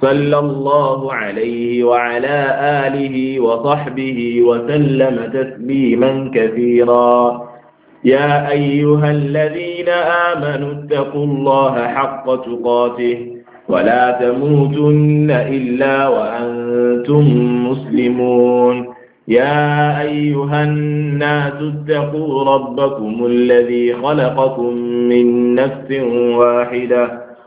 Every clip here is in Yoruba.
صلى الله عليه وعلى آله وصحبه وسلم تسليما كثيرا يا أيها الذين آمنوا اتقوا الله حق تقاته ولا تموتن إلا وأنتم مسلمون يا أيها الناس اتقوا ربكم الذي خلقكم من نفس واحدة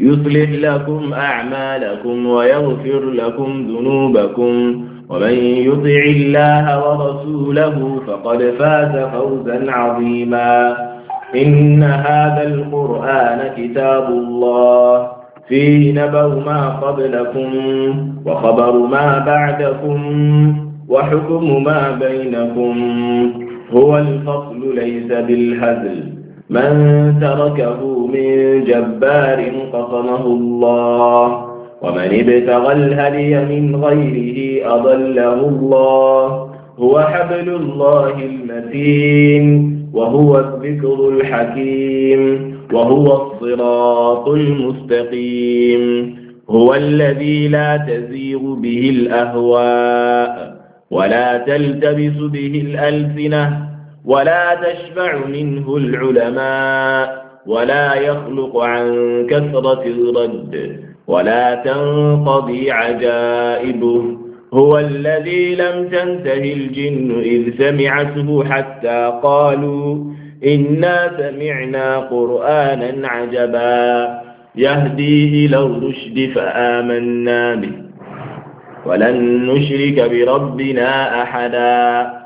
يصلح لكم أعمالكم ويغفر لكم ذنوبكم ومن يطع الله ورسوله فقد فاز فوزا عظيما إن هذا القرآن كتاب الله فيه نبو ما قبلكم وخبر ما بعدكم وحكم ما بينكم هو الفصل ليس بالهزل من تركه من جبار قصمه الله ومن ابتغى الهدي من غيره أضله الله هو حبل الله المتين وهو الذكر الحكيم وهو الصراط المستقيم هو الذي لا تزيغ به الأهواء ولا تلتبس به الألسنة ولا تشبع منه العلماء ولا يخلق عن كثرة الرد ولا تنقضي عجائبه هو الذي لم تنته الجن إذ سمعته حتى قالوا إنا سمعنا قرآنا عجبا يهدي إلى الرشد فآمنا به ولن نشرك بربنا أحدا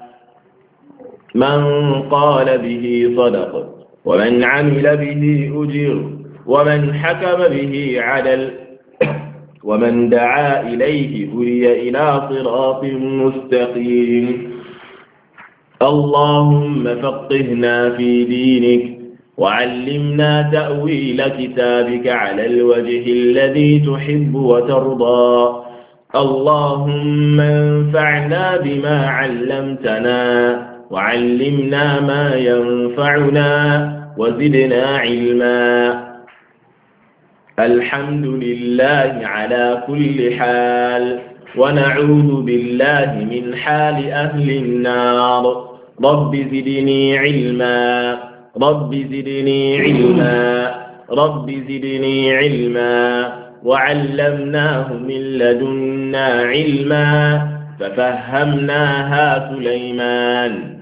من قال به صدق ومن عمل به أجر ومن حكم به عدل ومن دعا إليه هدي إلى صراط مستقيم اللهم فقهنا في دينك وعلمنا تأويل كتابك على الوجه الذي تحب وترضى اللهم انفعنا بما علمتنا وعلمنا ما ينفعنا وزدنا علما الحمد لله على كل حال ونعوذ بالله من حال أهل النار رب زدني علما رب زدني علما رب زدني علما وعلمناه من لدنا علما ففهمناها سليمان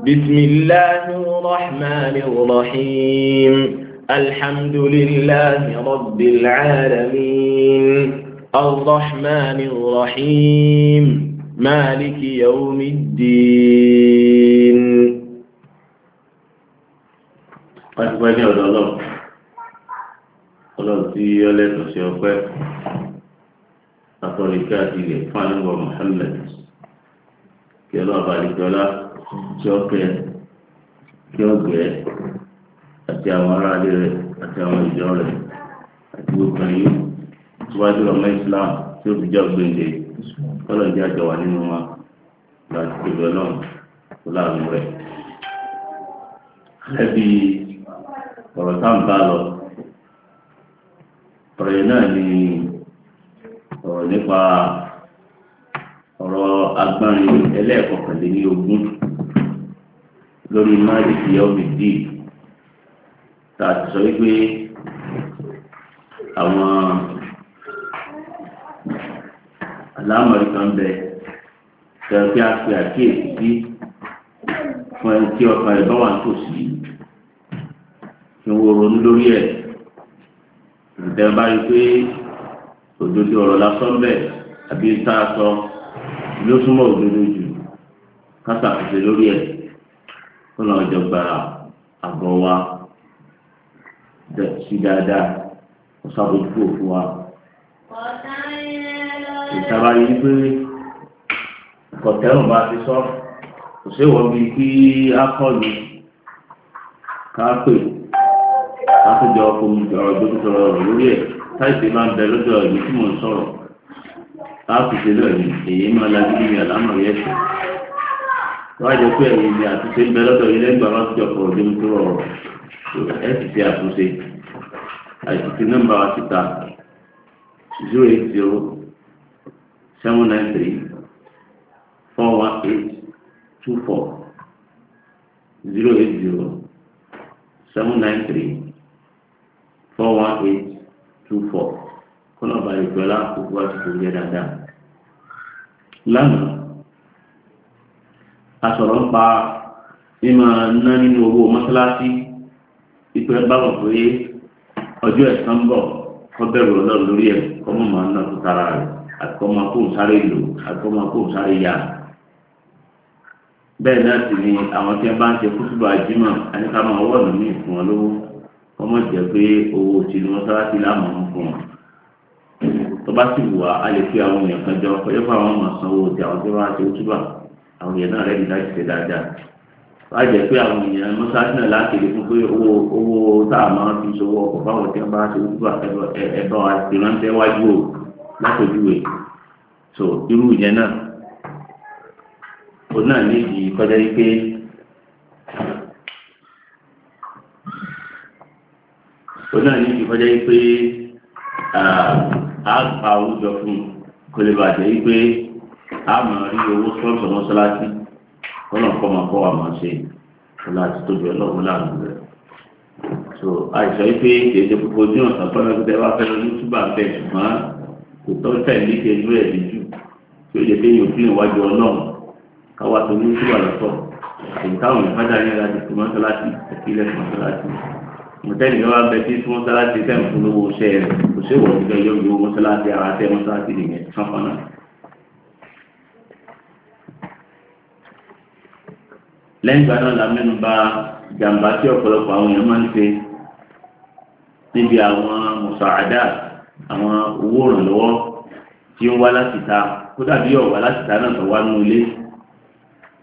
بسم الله الرحمن الرحيم الحمد لله رب العالمين الرحمن الرحيم مالك يوم الدين أكبر يا الله الله تعالى تسيوفه أطريقاتي لفعل محمد كلا بالك الله tí ó kẹ́ kí ó gbẹ́ àti àwọn aráàlú rẹ̀ àti àwọn ìjọ rẹ̀ àti gbogbo ẹ̀yìn síwájú ọmọ Islam tí ó fi jẹ́ ọ̀gbẹ́ǹde kọ́lọ̀ jẹ́ àjọ wà nínú wa láti pèlú ọlọ́run tó láàánú rẹ̀. Ẹbí ọ̀rọ̀ tá à ń bá lọ ọ̀rọ̀ yẹn náà ni ọ̀rọ̀ nípa ọ̀rọ̀ agbárin ẹlẹ́ẹ̀kọkànlélógún lórí máàlìkì yọmi dì tá a ti sọ wípé àwọn aláàmọ̀rí kan bẹ tẹ̀wọ́n kí a pe àkíyèsí sí fún ẹni tí ọkàn rẹ̀ bá wà nítòsí kí wọ́n ronú lórí ẹ̀ ǹtẹ́ bá rí pé òdodo ọ̀rọ̀ lásán bẹ́ẹ̀ àbí tá a sọ ló súnmọ́ òdodo jù ká ṣàkóso lórí ẹ̀ kọ́lọ́n ọjọ́ gba àgọ́ wa sí dáadáa ọ̀sàbójúkú òfin wa. ìtara yìí pé kọ̀tẹ́rùn bá ti sọ kò sí ìwọ́n bíi kí á kọ́lu ká pè ká tó jọ ọkùnrin ọ̀rọ̀ tó tó ọ̀rọ̀ lórí ẹ̀ táìsì máa ń bẹ lọ́dọ̀ ẹ̀mí tí mò ń sọ̀rọ̀ ká kùsẹ̀ lọ́ọ̀ yìí èyí máa lajú níbi àlámọ̀ yẹn sùn wọ́n á jẹ pé ẹ̀yìn ni àtúnṣe ń bẹ lọ́dọ̀ yìí lẹ́gbàá wọn ti jọ pọ̀ ọdún tó rọrùn ẹ̀ sì ṣe àtúnṣe àìsíkí nọ́mbà wa ti ta zero eight zero seven nine three four one eight two four zero eight zero seven nine three four one eight two four kọ́nà bàlẹ̀ pẹ̀lú àkókò àti kò yẹ dáadáa lánàá asọ̀rọ̀ ń pa mímọ ná nínú owó mọ́sálásí ipò ẹ bá wọ̀ pé ọjọ́ ẹ̀sán ń bọ̀ kọ́ bẹ̀rù ọlọ́run lórí ẹ̀ kọ́ mọ̀ máa ń nà tó tara rẹ̀ àtìkọ́ máa kó sáré lò àtìkọ́ máa kó sáré yá. bẹ́ẹ̀ náà sì ni àwọn tí wọ́n bá ń ṣe kútùbà jímọ̀ àníkà máa wọ̀ lómi fún wọn lówó kọ́ mọ̀ jẹ́ pé owó tìlú mọ́sálásí láàmú fún wọn tó bá sì wù wá a lè fi àwọn èèyàn kan jọ pẹ̀lú àwọn ọmọ sanwó ti àwọn tí wọ́n á ṣe kútùbà àwọn èèyàn náà rẹ́dí láti ṣe dáadáa wá jẹ́ pé àwọn èèyàn mọ́sáàsì náà lákèlè fún pé owó owó tá a máa fi ṣòwò ọkọ̀ fáwọn tí wọ́n bá ṣe wúdú ẹ̀bá wa ti ránṣẹ́ wájú o látòjúwe so irú ìyẹn náà òun náà níbi kọjá yìí pé òun náà níbi kọjá yìí pé a gba àwùjọ fún kò yìí pé a máa rí owó sọ́ọ̀tù mọ́sálásí kọ́nà kọ́ máa kọ́ wa máa ṣe láti tóbi ọlọ́run láàánú rẹ̀ so àìsàn yìí pé kéde púpọ̀ ojú ọ̀sán tọ́lá tó tẹ́ wá fẹ́ lórí túbà bẹ́ẹ̀ ṣùgbọ́n kò tọ́ tẹ̀lé kẹjú ẹ̀ lójú tí ó yẹ pé yóò fi ìwájú ọlọ́run káwá tó ní túbà lọ́tọ̀ èyí táwọn ìfájà yẹn láti fi mọ́sálásí àti ilẹ̀ mọ́sálásí mọ̀tẹ́ni lọ́wọ́ abẹ tí fún mọ́sálásí tẹ̀ ń fún lówó iṣẹ́ rẹ̀ kò sí ìwọ̀n lẹ́yìn ìgbà náà la mẹ́nu bà jàǹbá tí ọ̀pọ̀lọpọ̀ àwọn èèyàn máa ń ṣe níbi àwọn mùsàádà àwọn owó ìrànlọ́wọ́ tí ń wá láti ta kó dàbí ọ̀wá láti ta náà tó wá nínú ilé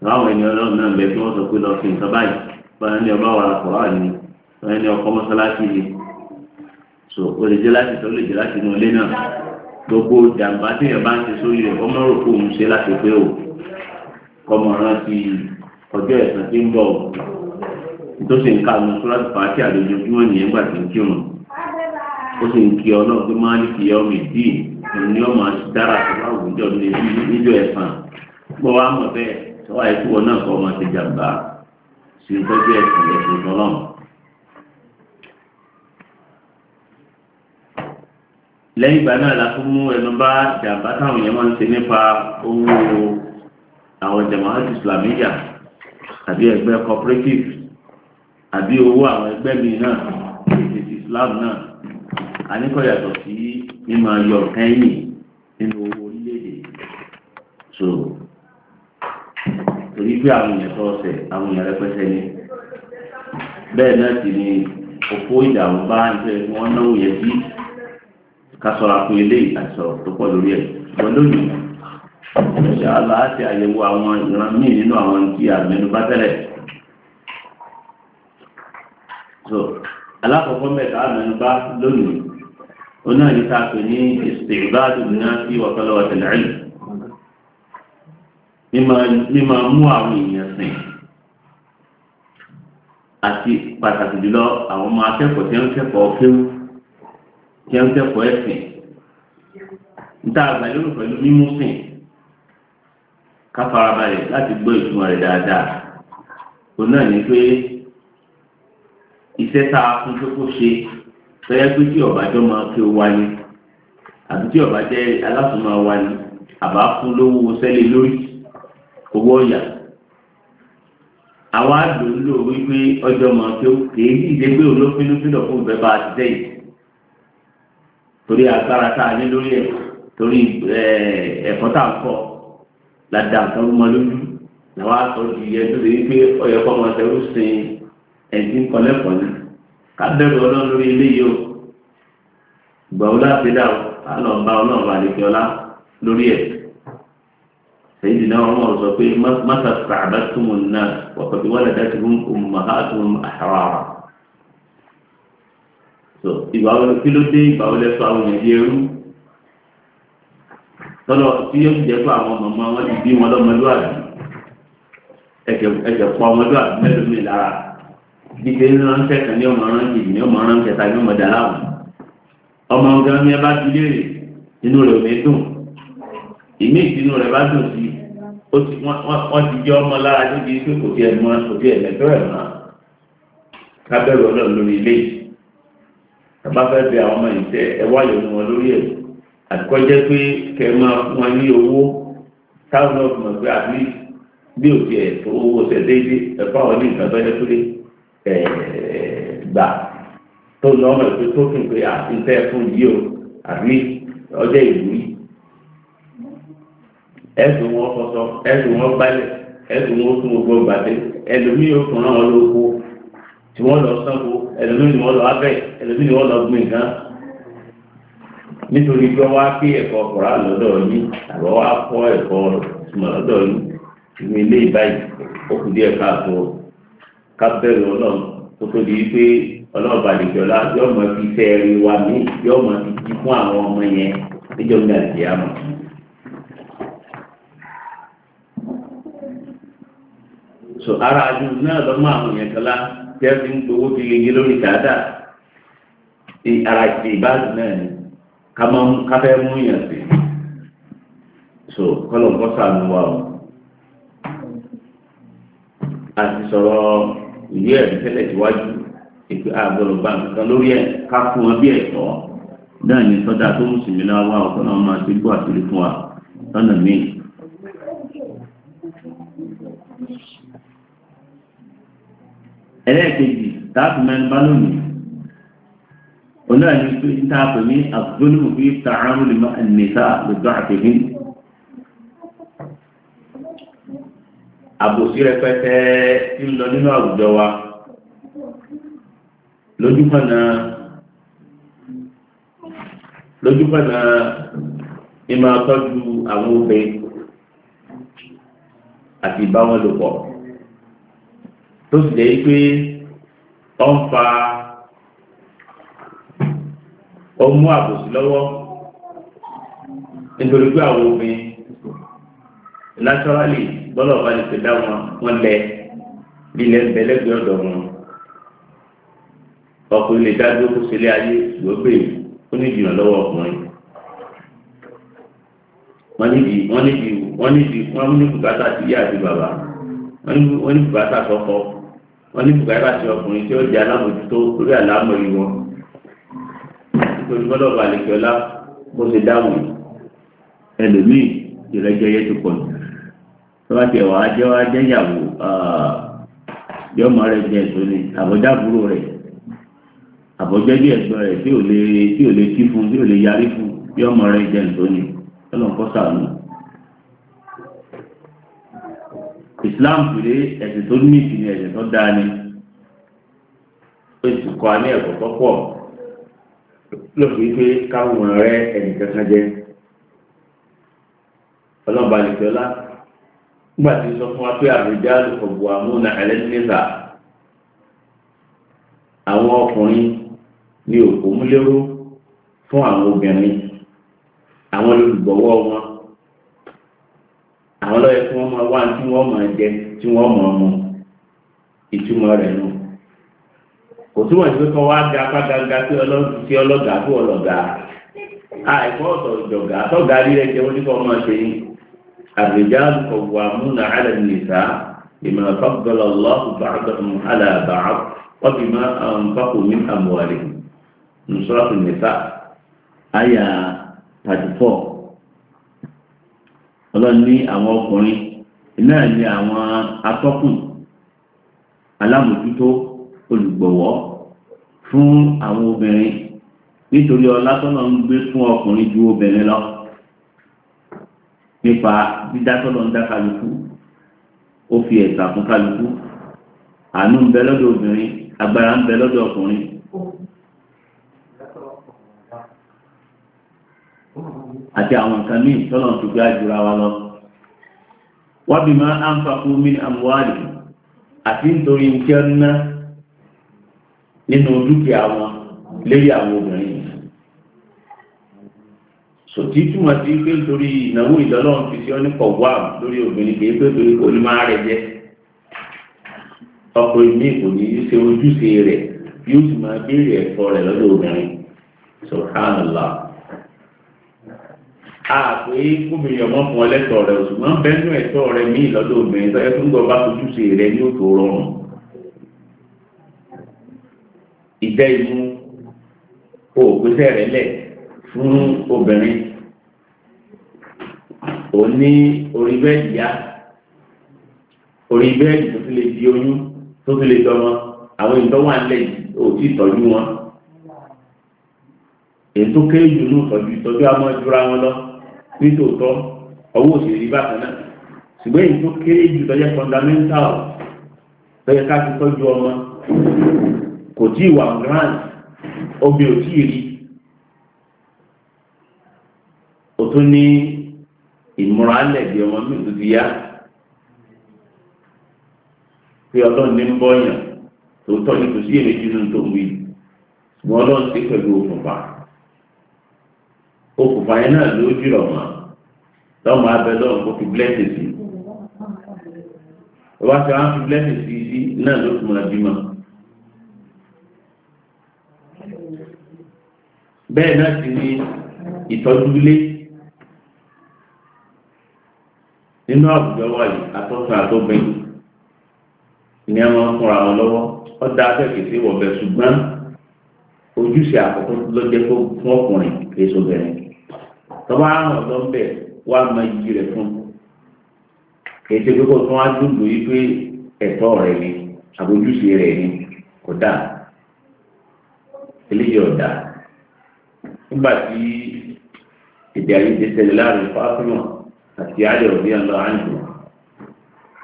láwọn ẹni ọlọ́run náà bẹ kí wọ́n sọ pé lọ sí nǹkan báyìí báyìí ní ọba wàrà kọ̀ọ̀rọ̀ àní báyìí ní ọkọ̀ mọ́sálásí ni so o lè jẹ́ láti tọ́ lè jẹ́ láti inú ilé náà gbogbo jàǹbá tí èèyàn bá ń ṣe sórí rẹ̀ ọmọ rò kó òun ṣe láti pé o kọ́mọ rántí ọjọ́ ẹ̀sán tí ń bọ̀ ọ́ tó sì ń ka àwọn sọ́láṣí pàtí àlejòjúmọ́ nìyẹn gbà tí ń kírun ó sì ń kí ọlọ́run pé máa ní kí ọmọ ìdí òun ni ọmọ dára tó bá wù níjọ ní níjọ ẹ̀sán gbọ́ wa mọ̀ bẹ́ẹ̀ tọ́wọ́ àìkú wọn náà kọ́ ọmọ ti jàǹbá sí ń tọ́jú ẹ̀sán ẹ̀sán tọ́lọ́run. lẹ́yìn ìgbà náà la tún mú ẹnu bá jàǹbá táwọn èèyàn máa ń ṣe nípa owó àwọn jamaat islamiyah àbí ẹgbẹ́ cooperative àbí owó àwọn ẹgbẹ́ mi náà ètò Islam náà àníkọ̀ yàtọ̀ sí mímọ yọ kẹ́yìn nínú owó orílẹ̀-èdè so torí pé àwọn èèyàn tó ọ̀sẹ̀ àwọn èèyàn rẹpẹtẹ ni bẹ́ẹ̀ náà sì ni òpó ìdààmú bá ń fẹ́ wọ́n náwó yẹn sí ká sọ̀rọ̀ àpò eléyìí àti sọ̀rọ̀ tó pọ̀ lórí ẹ̀ ṣùgbọ́n lónìí ìṣẹ́ aláàtì àyẹ̀wò àwọn ìran míì nínú àwọn tí àmẹ́nu bá tẹ́lẹ̀ so alákọ̀ọ́kọ́ mẹ́ta àmẹ́nu bá lónìí ó náà ní ká pè ní ìsìnbáàdù náà sí wàkọ́lọ́wọ́ tẹ̀lẹ̀ àìlú mímọ mú àwọn èèyàn sìn àti pàtàkì jùlọ àwọn ọmọ akẹ́kọ̀ọ́ tí wọ́n kẹ́kọ̀ọ́ kéwú tí wọ́n kẹ́kọ̀ọ́ ẹ̀sìn níta àgbàlérò pẹ̀lú mímú sìn ká láti gbọ́ ìtumọ̀ rẹ̀ dáadáa òun náà ní pé iṣẹ́ tá a fún kókó ṣe tọ́yẹ́ pé tí ọ̀bájọ́ máa ké wáyé àbí tí ọ̀bá jẹ́ wáyé àbá fún lówó sẹ́lẹ̀ lórí owó ọ̀yà àwa lò ń wípé ọjọ́ máa ké kéé ní ìdẹ́gbé olófinú sílọ̀ fún ìfẹ́ bá a ti ládàá kan ló mọ lójú làwọn aṣọ di ẹjọ́ lè gbé ọyọ kọ́ ọmọ ṣẹ́rú sin ẹ̀sìn kọ́lẹ́kọ̀ọ́ ní kábẹ́rù ọlọ́run lórí eléyìí o gbà ó láti dà ó á lọ bá ọlọ́run bá lè fi ọlá lórí ẹ̀ sẹ́yìn náà wọ́n mọ̀ sọ pé mọ́tà sàbẹ̀ túmù náà wọ́pọ̀ tí wọ́n lè dá ti fún ọmọhàtún àṣàwàrà so ìgbà wo kí ló dé ìgbà wo lẹ àwọn ènìyàn tọ́lọ̀ tí yóò jẹ́ fún àwọn mọ̀mọ́ wọn ti bí wọn lọ́mọdúnrún ẹ̀jẹ̀ pọ̀ ọmọdúnrún mẹ́lòmíì lára dídé ránṣẹ́ kan ní ọmọ ránṣẹ́ ní ọmọ ránṣẹ́ tàbí ọmọ dàláwọ̀ ọmọ ọgá mi bá ti léèrè inú rẹ̀ ò ní dùn ìmí ìdínú rẹ̀ bá dùn sí wọ́n ti jẹ́ ọmọ lára níbi pé kò fi ẹ̀mọ́ kò fi ẹ̀mẹ́tọ́ ẹ̀ mọ́ kábẹ́rù ọlọ́run lórí ilé yìí bàbá fẹ́ bẹ àwọn ọmọ ìtẹ́ ẹ̀wá yòó wọn lórí ẹ̀kọ́ àkọ́jẹ́ pé kẹ́ máa fún wa ní owó táwọn ọ̀gbọ̀n gbé àbí bí òbí ẹ̀ tó owó ṣẹ̀ déédé ẹ̀fọ́ àwọn onígbà tó yẹ kúlé gbà tó lọ́ ọmọ ìpè tó fún pé àtúntẹ́ fún yìí o àbí ọjọ́ ìlú yìí ẹ̀sùn wọn fọṣọ ẹ̀sùn wọn gbálẹ̀ ẹ̀sùn wọn fún gbogbo gbàdé ẹlòmíì ó fún ra wọn lóko tí wọ́n lọ sanwó ẹlòmíì ni wọ́n lọ abẹ́ ẹlòmíì ni wọ́n lọ gbìn gan-an nítorí pé wọ́n á pé ẹ̀kọ́ ọkùnrin àlọ́dọ̀ yín àbọ̀ wọ́n á kọ́ ẹ̀kọ́ ìtumọ̀ lọ́dọ̀ yín ìmú ilé ìbáyìí ó kù díẹ̀ káàtó kábẹ́rù ọlọ́run tó tó di pé ọlọ́run bàdìjọ́ la yóò mọ fi fẹ́ rí wa mí yóò mọ fi jí fún àwọn ọmọ yẹn níjọ́ mi àti àmọ́. so ara adu náà lọ́mọ àwọn yẹn kan lá jẹ́ fi ń gbowó fi yege lórí dáadáa ara ìbáàdì náà ni ká kata mú ká fẹ́ mú yàn sí so kọ́lọ̀ kọ́ sànù wa o a ti sọ̀rọ̀ ìwé ẹ̀rí tẹ́lẹ̀ síwájú ètò àgbọ̀lọ̀ bá nǹkan lórí ẹ̀ ká fún wọn bí ẹ̀tọ́ náà ní sọ́dà tó mùsùlùmí náà wá ọ̀tọ̀ náà máa ti gbọ́ àtúrí fún wa lọ́nà míì. ẹlẹ́ẹ̀kejì táàbù mẹ́rin bá lónìí onáà ní pé ń tá a pè ní àgbónúmù bí tààrùn lè má nìta lọ́jọ́ àtẹ̀bí. àbòsí rẹpẹtẹ tí ń lọ nínú àwùjọ wa lójúkọ̀nà lójúkọ̀nà ìmọ̀ tọ́jú àwọn obìnrin àti ìbáwọn lò pọ̀ tó sì jẹ́ pé ó ń fa ó mú àbòsí lọ́wọ́ nítorí pé àwọn obìnrin naturally bọ́lá ọba lè fi dá wọn wọn lẹ ilẹ̀ ń bẹ lẹ́gbẹ̀ẹ́ ọ̀dọ̀ wọn ọkùnrin lè dá dúró kó sílé ayé gbọ́gbé ó ní ìjìnà lọ́wọ́ ọkùnrin wọ́n níbi wọ́n níbi wọ́n níbi wọ́n ní bùkátà sí ìyá àti bàbá wọ́n ní bùkátà sọ́kọ wọ́n ní bùkátà sí ọkùnrin tí ó jẹ́ alábòjútó lórí àlámọ̀rí wọn torí gbọ́dọ̀ bá lè kíọ́lá bó ṣe dáhùn ẹlòmíì ìrẹ́jẹ yẹn ti pọ̀ jù tọ́wá tiẹ̀ wàá jẹ́ wàá jẹ́ ìyàwó yọmọ rẹ̀ jẹ́ èso ni àbọ̀já àbúrò rẹ̀ àbọ̀jẹ́ bí ẹ̀gbọ́n rẹ̀ tí ò lè tí ò lè kí fún tí ò lè yarí fún yọmọ rẹ̀ jẹ́ èso ni ọlọ́nkọ́ sàánú. Islam fìdí ẹ̀sìn tó ní ìsìn ẹ̀sìn tó dáa ni ó sì kọ́ alẹ́ ẹ̀kọ́ tó pọ̀. ló fi pé káwọn rẹ ẹnìkan kan jẹ ọlọ́ba àlùfẹ́lá nígbà tí sọ fún wa pé àbújá ọ̀bùn àmúna ẹlẹ́nìmẹ́ta àwọn ọkùnrin ní òkú múlẹ́rú fún àwọn obìnrin àwọn olùgbọ̀wọ́ wọn àwọn lọ́yẹ̀ tí wọ́n máa wá tí wọ́n máa jẹ kò túmọ̀ sí pé kọ́ wá di apá ganga sí ọlọ́gà tó ọlọ́gà àìkọ́ ọ̀tọ̀ ìjọ̀gà tọ́gà rírẹ̀ jẹ́ wọ́n nípa ọmọ ṣe yín àgbèjà kọ̀wà múnà àlẹ́ nìta ìmọ̀ràn fọ́gbọ́lọ́ lọ́kù bàbáhùn àlẹ́ àbàá wọ́pì má àǹfààkù ní àmúwárí nùsọ́rọ́kù nìta àyà 34 ọlọ́run ní àwọn ọkùnrin náà ní àwọn atọ́kùn alámòjútó olùgbọ̀wọ́ fún àwọn obìnrin nítorí ọlá tọ́lọ̀ ń gbé fún ọkùnrin ju obìnrin lọ nípa dídá tọ́lọ̀ ń dá kálukú ó fi ẹ̀sà fún kálukú àánú ń bẹ lọ́dọ̀ obìnrin agbára ń bẹ lọ́dọ̀ ọkùnrin. àti àwọn nǹkan míì tọ́lọ̀ ń fi àjùra wa lọ. wábìmọ̀ àǹfààní min àti nítorí ìjẹun náà nínú dúkìá wọn lérí àwọn obìnrin sòtí túmọ̀ sí pé nítorí ìnáwó ìlọ́lọ́run fi sí ọ́nìkọ̀ wà lórí obìnrin kìí pé torí kò ní máa rẹ̀ jẹ́ ọkùnrin míì kò ní ṣe ojúṣe rẹ̀ yóò sì máa béèrè ẹ̀fọ́ rẹ̀ lọ́dọ̀ obìnrin subhanallah àpé kóbìnrin ọmọ fún ọlẹ́tọ̀ rẹ̀ òṣùgbọ́n bẹ́ẹ̀ nú ẹ̀tọ́ rẹ̀ míì lọ́dọ̀ obìnrin tó yẹ kó ń gbọ́ bá ojúṣe rẹ̀ ní òtò rọrùn ìjẹ́ imú òògùnṣẹ́ rẹ̀ lẹ̀ fún obìnrin ò ní orí bẹ́ẹ̀dì yá orí bẹ́ẹ̀dì tó fi lè di oyún tó fi lè dọ́mọ àwọn ìdánwò alẹ́ yìí ò tí ì tọ́jú wọn ètò kéèjù ní ìtọ́jú ìtọ́jú àmọ́ ìjọra wọn lọ nítòótọ́ ọwọ́ òṣèré bákan náà ṣùgbọ́n ètò kéèjù tọ́jẹ́ fundamental tọ́jẹ́ ká fi tọ́jú ọmọ kò tí ì wà grand omi ò tí ì rí o tún ní ìmúra alẹ̀ bí ọmọ mi tó ti yá pé ọlọ́run ní ń bọ́yàn tó tọ́ ní kò sí èméjì nínú tó ń wí ṣùgbọ́n ọlọ́run ti pẹ̀lú òkùnfà òkùnfà yẹn náà ló jùlọ mọ́ lọ́mọ abẹ lọ́run kó fi blẹ́sì sí i wọ́n ti fi blẹ́sì sí náà ló fi mọ̀ ọ́ bímọ. bẹ́ẹ̀ náà sì ni ìtọ́jú ilé nínú àwùjọ wa yìí atọ́sùn àtọ́gbìn ni a máa ń fúnra wọn lọ́wọ́ ọ̀dà afẹ́kẹ̀ sí wọ̀bẹ̀ ṣùgbọ́n ojúṣe àkọ́kọ́ lọ́jẹ́ fún ọkùnrin kì í sọ̀bẹ̀rẹ̀ tọ́ba àrùn ọ̀dọ́ ń bẹ̀ wá mọ iyì rẹ̀ fún kì í ṣe pé kó tún wá dúdú yìí pé ẹ̀tọ́ rẹ̀ ni àbójúṣe rẹ̀ ni kò dáa eléyìí ọ̀dà nígbà tí èdè àyíké tẹ̀lé láàrin fáfímà àti ayọ̀ ní ọ̀nà àjò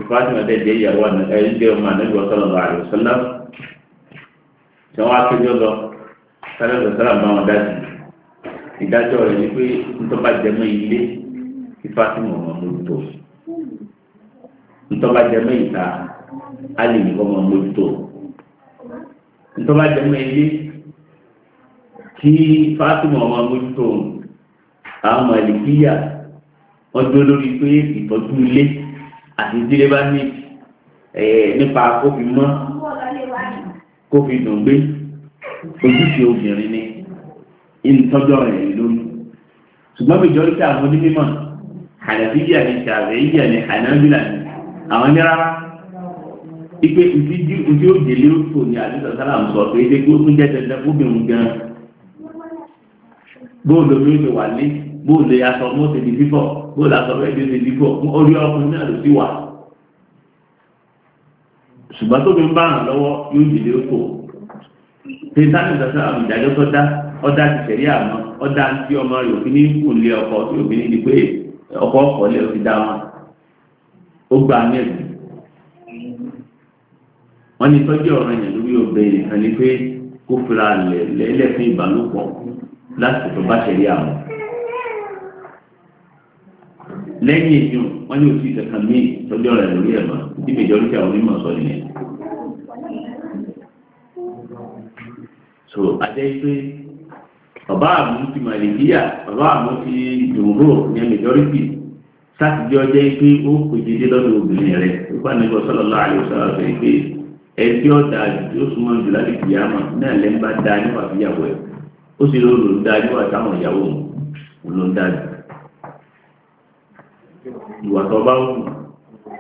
fáfímà tẹ̀ jẹ́ ìyàwó ẹ̀ẹ́dẹ́ ọmọ ànágbé ọ̀sọ́lọ̀ àrẹ ọ̀sọ́lá tí wọ́n á kéjọ lọ sáré ọ̀sọ́lá bá wọn dá sí ìdájọ́ rẹ̀ ni pé ntọ́ba jẹmọ́ ilé tí fáfímà ọmọ mójútó ntọ́ba jẹmọ́ ìta á lè nìkan ọmọ mójútó ntọ́ba jẹmọ́ ilé tí Fátímọ̀ ọmọ mójútó àwọn màlìkíyà wọ́n dúró lórí pé ìtọ́jú ilé àti ìdílé bá ní nípa kófí mọ́ kófí dùn gbé ojúṣe obìnrin ni ìtọ́jọ́ rẹ̀ lórí ṣùgbọ́n mi jọrí pé àwọn onímọ̀ hànàfíyà ni ṣàfẹ́yà ni hànàbílà ni àwọn ní rárá ipe ìdí òjèlé òtò ni àdúgbò sálàmù sọ pé ẹgbẹ́ tó jẹ́ tẹ̀lé fún obìnrin gan-an bóòlù omi ti wà lé bóòlù aṣọ mọ́ ti di fífọ̀ bóòlù aṣọ rẹ̀ ti di orí ọkùnrin náà ló wà. ṣùgbọ́n tó fi ń bá lọ́wọ́ yóò dìde oko tẹ̀sán ìtọ́sí àwọn ìdájọ́ tó dá ọ̀dà ti tẹ̀lé ọ̀dà tí ọmọ rẹ̀ òfin ní ọkọ̀ tí òfin ní pé ọkọ̀ ọkọ̀ dá wọn ó gba wọ́n ní tọ́jú ọ̀rọ̀ yẹn lórí obìnrin láti tó bá ṣẹlẹ̀ àwọn. lẹ́yìn èyí wọ́n ní òsì kankan míì tọ́jú ọ̀rọ̀ lórí ẹ̀ mọ́ tí mẹjọ́rìtì àwọn onímọ̀ sọ nìyẹn. so ajẹ́ pé bàbá àmú ti màlìkíyà bàbá àmú ti jùmùrò ní mẹjọ́rìtì sátidé ọjọ́ pé ó pèjìdé lọ́dọ̀ obìnrin rẹ̀ nípa nígbà sọ́lọ́lá àlùsọ́lá sọ pé ẹni tí ó dáa jù tí ó súnmọ́ jù láti kìyàmọ̀ náà lẹ́nu bá dáa nípa fìyàwó ẹ̀ ó sì lóun ló ń dájú àtàwọn ìyàwó òun ló ń dájú ìwà tó bá wù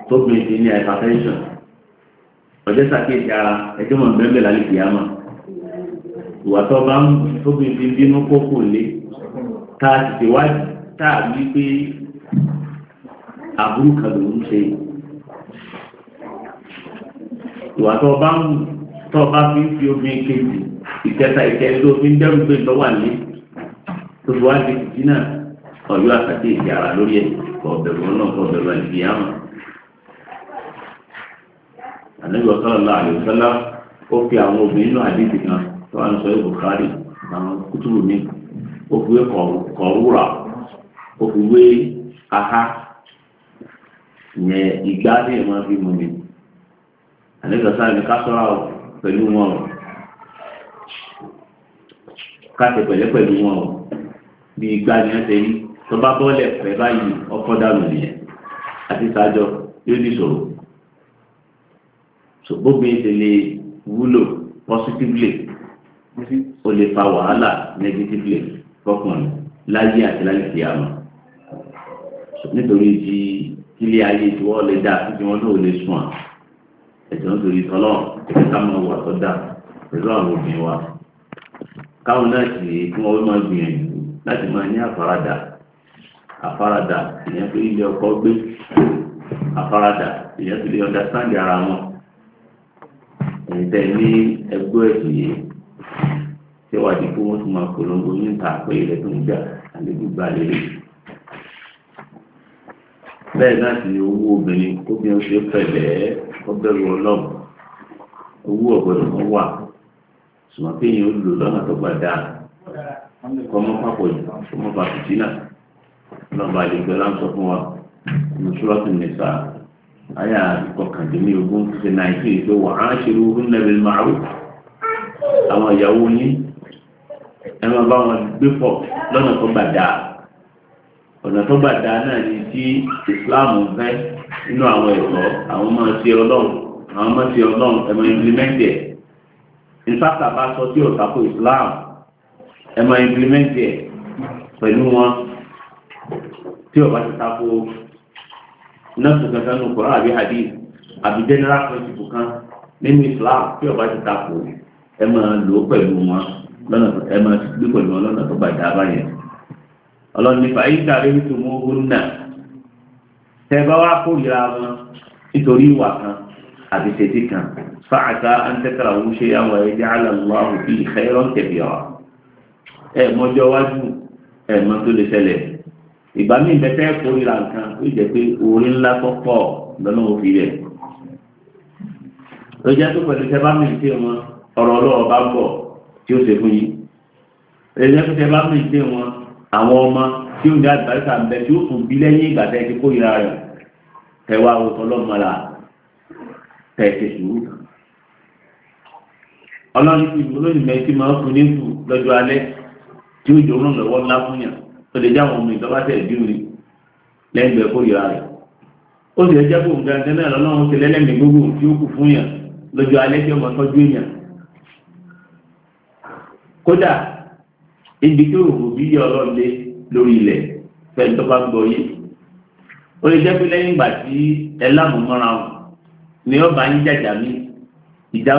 tó gbé sí ní hypertension ọjọ́ sàkéèsì ara ẹjọ́ mọ̀ bẹ́ẹ̀ bẹ́ẹ̀ lálẹ́ kìá mọ̀ ìwà tó bá ń tó gbé sí bínú kókò lé tá a sì tá a wí pé àbúrú kan ló ń ṣe ìwà tó bá ń tó bá fi ń fi obìnrin kejì ìkẹta ìkẹrin tó fi ń dẹ́rù pé lọ́wọ́ àlẹ́ tó wá di ìdí náà ọ̀yọ́ àkàtì ìdí ara lórí ẹ̀ kọ̀ ọ̀bẹ̀rù náà kọ̀ ọ̀bẹ̀rù àìsí àmọ́. ànábì sallallahu alaihi wasallam ó fi àwọn obìnrin náà àdìsí kan tó wà ní sọ Bukhari àwọn kútùrù mi ó fi wé kọ̀ọ̀rúra ó fi wé aha ìyẹn ìgbà tí ẹ̀ máa fi mú mi ànábì sallallahu alaihi ká sọ́ra pẹ̀lú wọn káṣẹ pẹ̀lẹ́ pẹ̀lú wọn o bí igba ni wọ́n ṣe rí tọba bọ́ọ̀lẹ̀ pẹ̀ báyìí ọkọ̀ dànù nìyẹn àti sájọ yóò ní ìṣòro gbogbo ètò lè wúlò positively ó lè fa wàhálà negatively fọkùnrin láyé àti láyé ti àmọ́ nítorí ti kílé ayé tí wọ́n lè dá tí wọ́n náà lè sùn à ẹ̀jọ̀ nítorí tọ́lọ́ ẹ̀ka máa wà tó dà pẹ̀lú àwọn obìnrin wa káwọn náà sì kí wọ́n máa gbìyànjú láti máa ní àfaradà àfaradà ìyẹn pé ilé ọkọ gbé àfaradà ìyẹn fi lè ọ̀dásáǹdì ara wọn ẹ̀yìn tẹ́ ní ẹgbẹ́ ẹ̀sìn yìí tí wàá di pé wọ́n tún máa polongo níta pé ilẹ̀ tó ń jà àlébù gbà lélẹ̀ bẹ́ẹ̀ náà sì ni owó obìnrin kóbìnrin ṣe pẹ̀lẹ́ ọbẹ̀rù ọlọ́run owó ọ̀gbọ̀dọ̀ kan wà ṣùgbọ́n kéèyàn ó lò lọ́nà tó gbà dáa kọ́mọ papọ̀ yìí kọ́mọ bá fìtínà lọ́ba àdìgbẹ́ láń sọ fún wa ní ṣúlọ́ọ̀tì nìsa ayé àkọkàndínní ogún ṣe nàìjíríà pé wà á ṣe irú nàbẹ̀ màrú àwọn ìyàwó yín ẹ máa bá wọn gbé pọ̀ lọ́nà tó gbà dáa ọ̀nà tó gbà dáa náà ni tí ìsìláàmù fẹ́ nínú àwọn ẹ̀kọ́ àwọn máa ṣe ọlọ́run àwọn máa ṣe ọlọ́run ẹ̀ máa implement ìsáta bá sọ tí ò tako Islam ẹ máa implement ẹ pẹ̀lú wọn tí ò bá ti tako nọ́ọ̀sì kankan nù kọ́ra àbí hadith àbí general principle kan nínú Islam tí ò bá ti tako ẹ máa lò ó pẹ̀lú wọn lọ́nà ẹ máa gbé pẹ̀lú wọn lọ́nà tó bàjẹ́ abáyẹn ọlọ́run nípa yìí tàbí tùmú hùn náà tẹ bá wá kórìíra wọn nítorí ìwà kan àti tètè kan fáàkà àǹtẹ̀kàrà ń ṣe àwọn ẹ̀jẹ̀ aláwọ̀ fi ìfẹ́rọ̀ tẹ̀bí ọ̀ ẹ̀ mọ́jọ́ wájú ẹ̀ mọ́ tó lè ṣẹlẹ̀ ìgbà míì bẹ́tẹ́ kórìíra nǹkan ó jẹ́ pé orí ńlá kọ́kọ́ lọ́nà òfin rẹ̀ ó jẹ́ tó pẹ̀lú tẹ́ bá mi ṣe wọn ọ̀rọ̀ ọlọ́wọ́ bá ń bọ̀ tí ó ṣe fún yín ẹ̀jẹ̀ tó tẹ́ bá mi ṣe wọn àwọn ọmọ tí ó ń dá àgbàríkà ń bẹ tí ó fún bí lẹ́yìn ìgbà tẹ́ ti kórìíra rẹ̀ tẹ́wàá ọ̀tọ̀ ọlọ́mọlá kẹ̀kẹ́ sùúrù kan. ọlọ́run ti ìbò lónìí mẹ́tí máa ń fún ní kù lọ́jọ́ alẹ́ tí ó jọ ràn lọ́wọ́ ńlá fún yàn ó lè jáwọn ọmọ ìjọba tẹ̀ bí rí lẹ́gbẹ̀ẹ́ kó yọ rẹ̀. ó sì jẹ́ kó nǹkan tẹ́ náà lọ́lọ́run ti lẹ́lẹ́mìí gbogbo tí ó kù fún yàn lọ́jọ́ alẹ́ tí ọmọ tọ́jú èèyàn. kódà ibi tí òògùn bí yọ ọlọ́run lórí ilẹ̀ fẹ́ẹ́ bá gbọ́ yìí ó lè jẹ́ pé lẹ́yìn ìgbà tí ẹ wọn ni ọba yín jàjà mí ìjà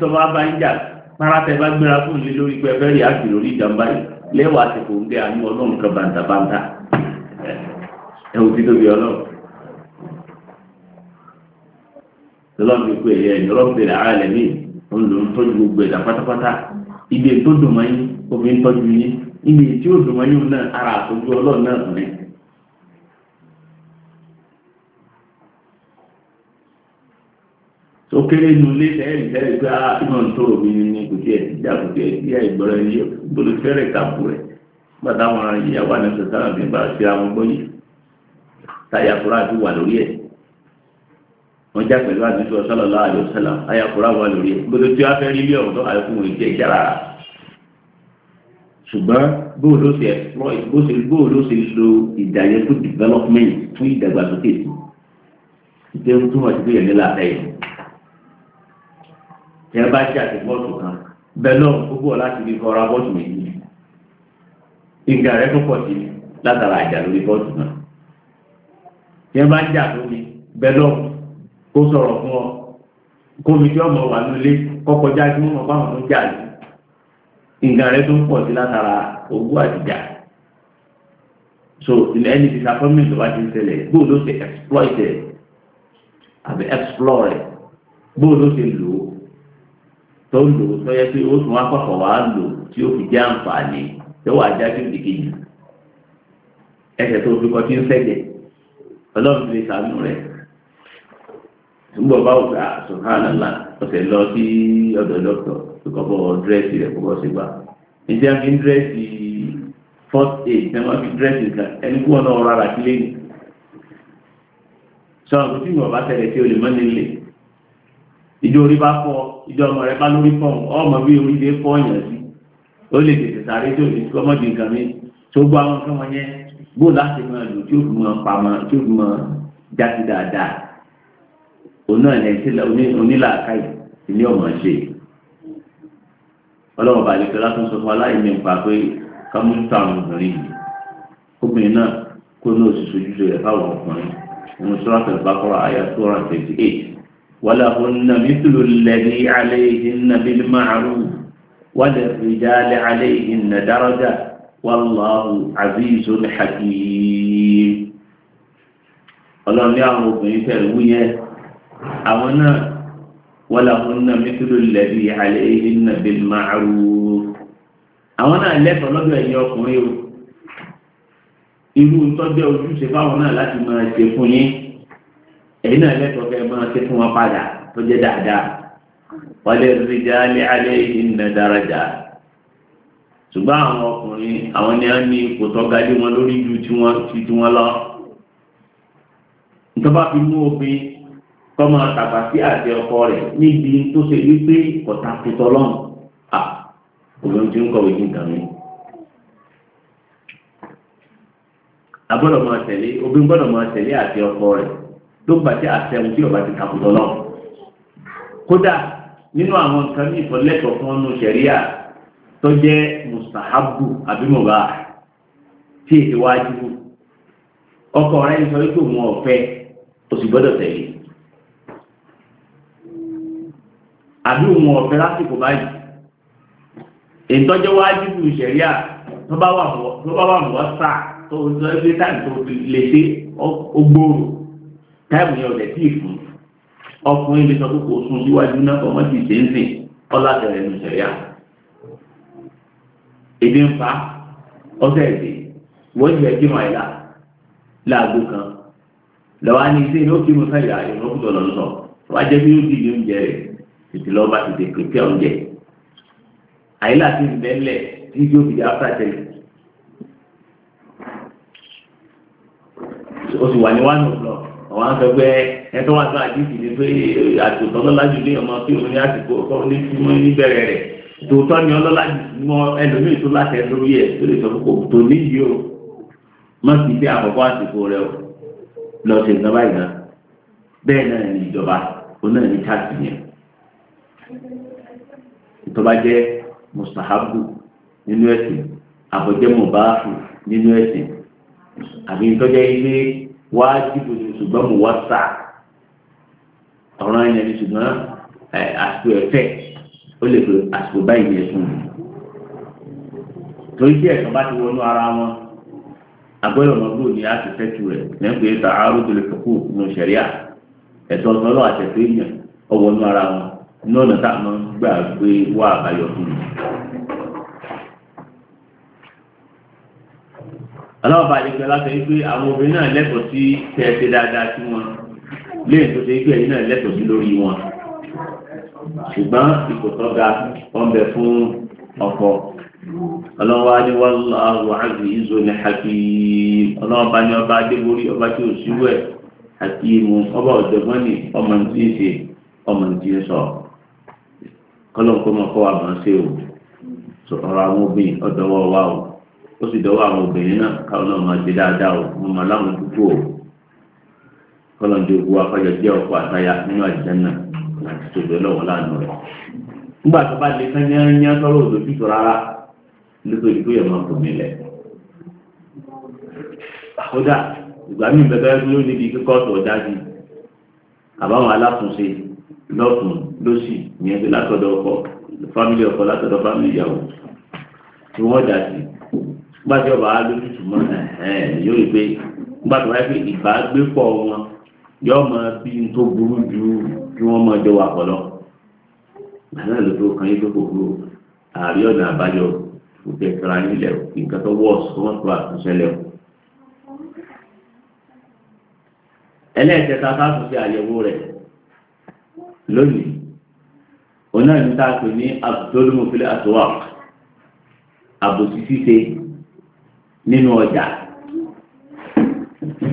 tọ́ba bá yín jà rárá tẹ bá gbéra fún mi lórí pé ẹfẹ́ rí àti lórí ìjàmbá yìí lẹ́wọ̀ àti kò ń gẹ àánú ọlọ́run kan bàǹtàbàǹtà ẹ ò ti tóbi ọlọ́run. lọ́lọ́run fi pé ẹ̀yẹ ìjọba bèrè ara rẹ̀ mí ń lò ń tọ́jú gbogbo ẹ̀dá pátápátá ibi tó dùn mọ́ yín omi ń tọ́jú yín ibi tí ó dùn mọ́ yín náà ara àtọ́jú ọlọ́run náà ní. ó kéré nu ilé tẹ́lẹ̀ tẹ́lẹ̀ pé á ah, iná ń tóró mi ní kò tiẹ̀ ìjà kò tiẹ̀ sí àìgbọ́ra ẹni gbọ́dọ̀ fẹ́rẹ̀ kápò rẹ̀ nígbà táwọn ìyàwó àdéhùn sára fi bá ṣe àwọn gbọ́yé táyà fúra ti wà lórí ẹ̀ wọ́n já pẹ̀lú àdéhùn sọ́lọ́lá àdéhùn táyà fúra wà lórí ẹ̀ gbọ́dọ̀ tí wọ́n fẹ́ rí ilé ọ̀dọ́ àyẹ̀kùn ìjẹ́ ìjára ṣùgbọ́n bóò ló ṣe exploit bóò ló ṣe lo ìdàyẹ fún development fún ìdàgbàsókè yẹn bá ṣe àti bọ́ọ̀tù kan bẹ́ẹ̀ náà gbogbo ọ̀ láti rí kọ́ra bọ́ọ̀tù méjì ìgbà rẹ̀ tó pọ̀ sí látara àjà lórí bọ́ọ̀tù náà yẹn bá jà lórí kó sọ̀rọ̀ fún ọ kó tí ọmọ wà nílé kọ́kọ́já tí wọ́n mọ̀ fáwọn tó jà lórí ìgbà rẹ̀ tó pọ̀ sí látara ogún àtìjà so ilẹ̀ ẹni disappointment ló bá ti ń ṣẹlẹ̀ bóòlù ṣe exploit àbí explore ẹ̀ ṣe lò ó tó lò tó pé ó tún akọ̀kọ̀ wá lò tí fi jẹ́ àǹfààní tó wà jáde ìdíkejì ẹsẹ̀ tó fi kọ́ tí ń sẹ́jẹ̀ ọlọ́run ti lè sàánú rẹ̀ túbọ̀ bá òkè àṣùhánàlá lọ sí ọ̀dọ̀ dọ́kítọ̀ tó kọ́ dírẹ́sì rẹ̀ kókó sí gbà níta fi ń dírẹ́sì first aid náà wọ́n fi ẹni kú ìjọ orí bá fọ́ ìjọ ọmọ rẹ bá lórí fọ́ ọmọ bí orí lè fọ́ yàn sí ó lè tètè sáré tí ò ní kọ́ mọ́dé nǹkan mi tó gbọ́ àwọn nǹkan wọn yẹn bó láti máa lò tí ó fi máa pamọ́ tí ó fi máa jáde dáadáa òun náà ní ẹsẹ̀ onílàákàyè ilé ọmọ ṣe ọlọ́wọ́ balẹ̀kẹ́ látún sọ fún aláìní nípa pé kámúntà ọmọbìnrin yìí obìnrin náà kó náà sì sojúṣe rẹ̀ fáwọn ọkùnrin ولهن مثل الذي عليهن بالمعروف وللرجال عليهن درجة والله عزيز حكيم ọlọ́run ní àwọn obìnrin tẹ̀lú yẹn àwọn náà wọ́n làwọn náà mẹ́tìrò lẹ́bí alẹ́ ìhìn náà bẹ́ẹ̀ máa rú àwọn náà lẹ́tọ̀ọ́ lọ́dọ̀ ẹ̀yìn ọkùnrin o irú tọ́jú ojúṣe fáwọn náà láti máa ṣe fún yín èyí náà lẹ́tọ̀ọ́ kẹ́ máa ké fún wọn padà tó jẹ́ dáadáa wálé rìjà ní alẹ́ ìnà dáradà ṣùgbọ́n àwọn ọkùnrin àwọn ni a ní ipò tó ga lé wọn lórí ju tiwọn ti tiwọn lọ ìjọba fi mú òfin kọ́ máa tàbá sí àti ọkọ rẹ̀ níbi tó ṣe wípé kọ̀tà tuntun lọ́n à òun ti ń kọ̀wé kí n kàn máa tẹ̀lé obìnrin gbọ́dọ̀ máa tẹ̀lé àti ọkọ rẹ̀. ló gbà tí àtẹ̀wò tí ọba ti takùtọ̀ lọ. kódà nínú àwọn nǹkan ní fún ọ́nù sẹ̀ríà tó jẹ́ mustahabu abimọba tí èdè ọkọ rẹ ń sọ wípé òun ọ̀fẹ́ sì gbọ́dọ̀ tẹ̀lé àbí òun ọ̀fẹ́ lásìkò báyìí táìmù yẹn ò dẹ̀ tíì fún ọkùnrin lè sọ pé kò sùn síwájú náà kọ́ wọ́n ti ṣe ń sìn ọlá tẹ̀lé ní sẹ̀ríà èdè ń fa ọ̀sẹ̀ èdè wọ́n yẹ kí wọ́n ẹ̀dá láàgbó kan lọ́wọ́ á ní iṣẹ́ ìlú kí wọ́n sáyà ìrọ̀ kútọ̀ lọ́nà sọ wọ́n á jẹ́ bí ó di ìlú oúnjẹ rẹ̀ tètè lọ́wọ́ bá tètè pèpè oúnjẹ àyílà ti ń bẹ́ẹ̀lẹ̀ tí yóò fi o sì wà ní one o'clock àwọn akẹgbẹ́ ẹtọ wà sọ àdìsí ni pé àtòtọ lọlájú lé ọmọ tí òun ní àsìkò ọkọ ní tí wọn ní bẹ̀rẹ̀ rẹ̀ tòótọ́ ni ọlọlájú mọ ẹlòmíì tó láti ẹdúró yẹ tó lè sọ fún kò tó níyì o má sì fi àkọ́kọ́ àsìkò rẹ̀ o lọ sí ìjọba ìgbà bẹ́ẹ̀ náà ní ìjọba òun náà ní káàsì yẹn ìtọ́ba jẹ́ mustahabu nínú ẹ̀sìn àbọ̀jẹ́ mubaafu wájibu ni ṣùgbọ́n mo wá sà ọ̀ràn yẹn ni ṣùgbọ́n àsìkò ẹ̀fẹ́ ó lè pe àsìkò báyìí yẹn fún mi torí tí ẹ̀sán bá ti wọnú ara wọn agbẹ́rẹ́ ọ̀nàgbò ni a ti fẹ́tù rẹ̀ lẹ́gbẹ̀ẹ́ yẹn tàà arúgbó lè fọ́kù nù sẹ̀ríà ẹ̀sán ọ̀sán lọ́wọ́ àtẹ̀fẹ́ yẹn ọ̀wọ́nú ara wọn ní ọ̀nà táwọn gbà gbé wá àbáyọ fún mi. ọlọ́ọ̀bà àdìgbẹ́ láti rí pé àwọn obìnrin náà lẹ́kọ̀ọ́ sí tẹ̀sí dáadáa sí wọn léyìn tó ṣe pé ẹ̀yin náà lẹ́kọ̀ọ́ sí lórí wọn ṣùgbọ́n ipò tó ga wọ́n bẹ fún ọkọ ọlọ́wọ́ adéwọ́lá àwọn àgbè ìzò ní hakim ọlọ́ọ̀bà ni ọba adébórí ọba tí ò síwẹ̀ hakim ọba ọ̀jọ̀gbọ́n ni ọmọ ní ti ṣe ọmọ ní ti sọ kọ́lọ́ọ̀kọ́ mọ́ kọ́ wa mọ̀ ṣe o sọ̀rọ̀ àwọn obìnrin ọ̀dọ́wọ́ wa o ó sì dọ́wọ́ àwọn obìnrin náà káwọn náà máa ṣe dáadáa o wọn máa láwọn dúdú o kọlọ́njẹ òkú afájọ jẹ́ ọkọ̀ àtayá nínú àjẹ́ náà àti tòjọ́ lọ́wọ́ láàánú rẹ̀ nígbà tó bá lè kán yányá sọ́rọ̀ òdòdó rárá nítorí pé ẹ̀ máa kò mí lẹ̀ kódà ìgbà míì bẹ́ẹ̀ bẹ́ẹ̀ ló níbi kíkọ́ ọ̀tọ̀ dájú àbáwọn alátúnṣe lọ́tún lọ́sì ìyẹn gbájọ́ bá lójú túmọ̀ yóò rí pé gbàtọ̀ wáyé pé ìbágbépọ̀ wọn yóò máa bí n tó burú ju kí wọ́n máa jọ wà pọ̀ lọ. àná ló tó kan yín tó kòkó ààrí ọ̀nà àbáyọ òkè kara nílẹ̀ nǹkan tó wọ̀ ọ̀sùn wọn tó àtúnṣe lẹ̀ o. ẹlẹ́ẹ̀kẹta sáàtúnṣe àyẹ̀wò rẹ̀ lónìí onáà ní táà pè ní abdulmufil atuwa àbòsí ṣíṣe nínú ọjà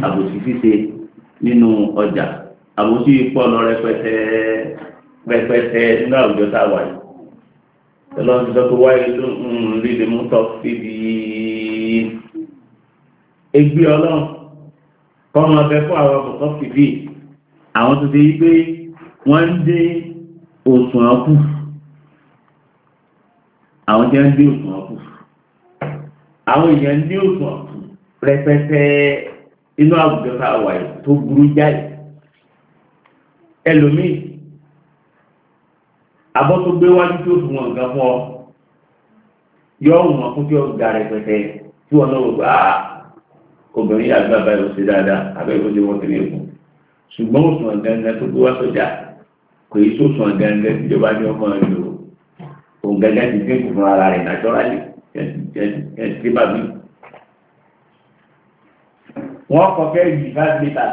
àbòsí ṣíṣe nínú ọjà àbòsí pọ̀ lọ rẹpẹtẹ rẹpẹtẹ nínú àwùjọ tá a wà yìí ọlọ́run ti sọ pé wáyé ló ń líle mú tọ́ síbi ẹgbẹ́ ọlọ́run kọ́ máa bẹ fún àwọn ọkọ̀ fìdí àwọn tó ti yí pé wọ́n ń dé òsùn ọkù àwọn tí ń dé òsùn ọkù àwọn èèyàn ní òsùn rẹpẹtẹ inú àwùjọ tá a wà yìí tó burú jáì ẹlòmíì abọ́ tó gbé wájú tó fún wọn nǹkan fún ọ yọ ọ̀hún wọn fún tí ó ga rẹpẹtẹ tí wọn náà wò pé àá ah, obìnrin yà gbà báyìí ó ṣe dáadáa àbẹ́ ìwé ṣe wọ́n ti ní èkó ṣùgbọ́n òsùn ọ̀gángan tó gbé wá sọ́jà kò yí sósùn ọ̀gángan tíjọba ní ọmọ ìlú òǹgángan ti dínkù fún ara rẹ̀ nàjọ́rálì kẹ̀kẹ́ bàbí. wọ́n kọ kẹ́rì five litre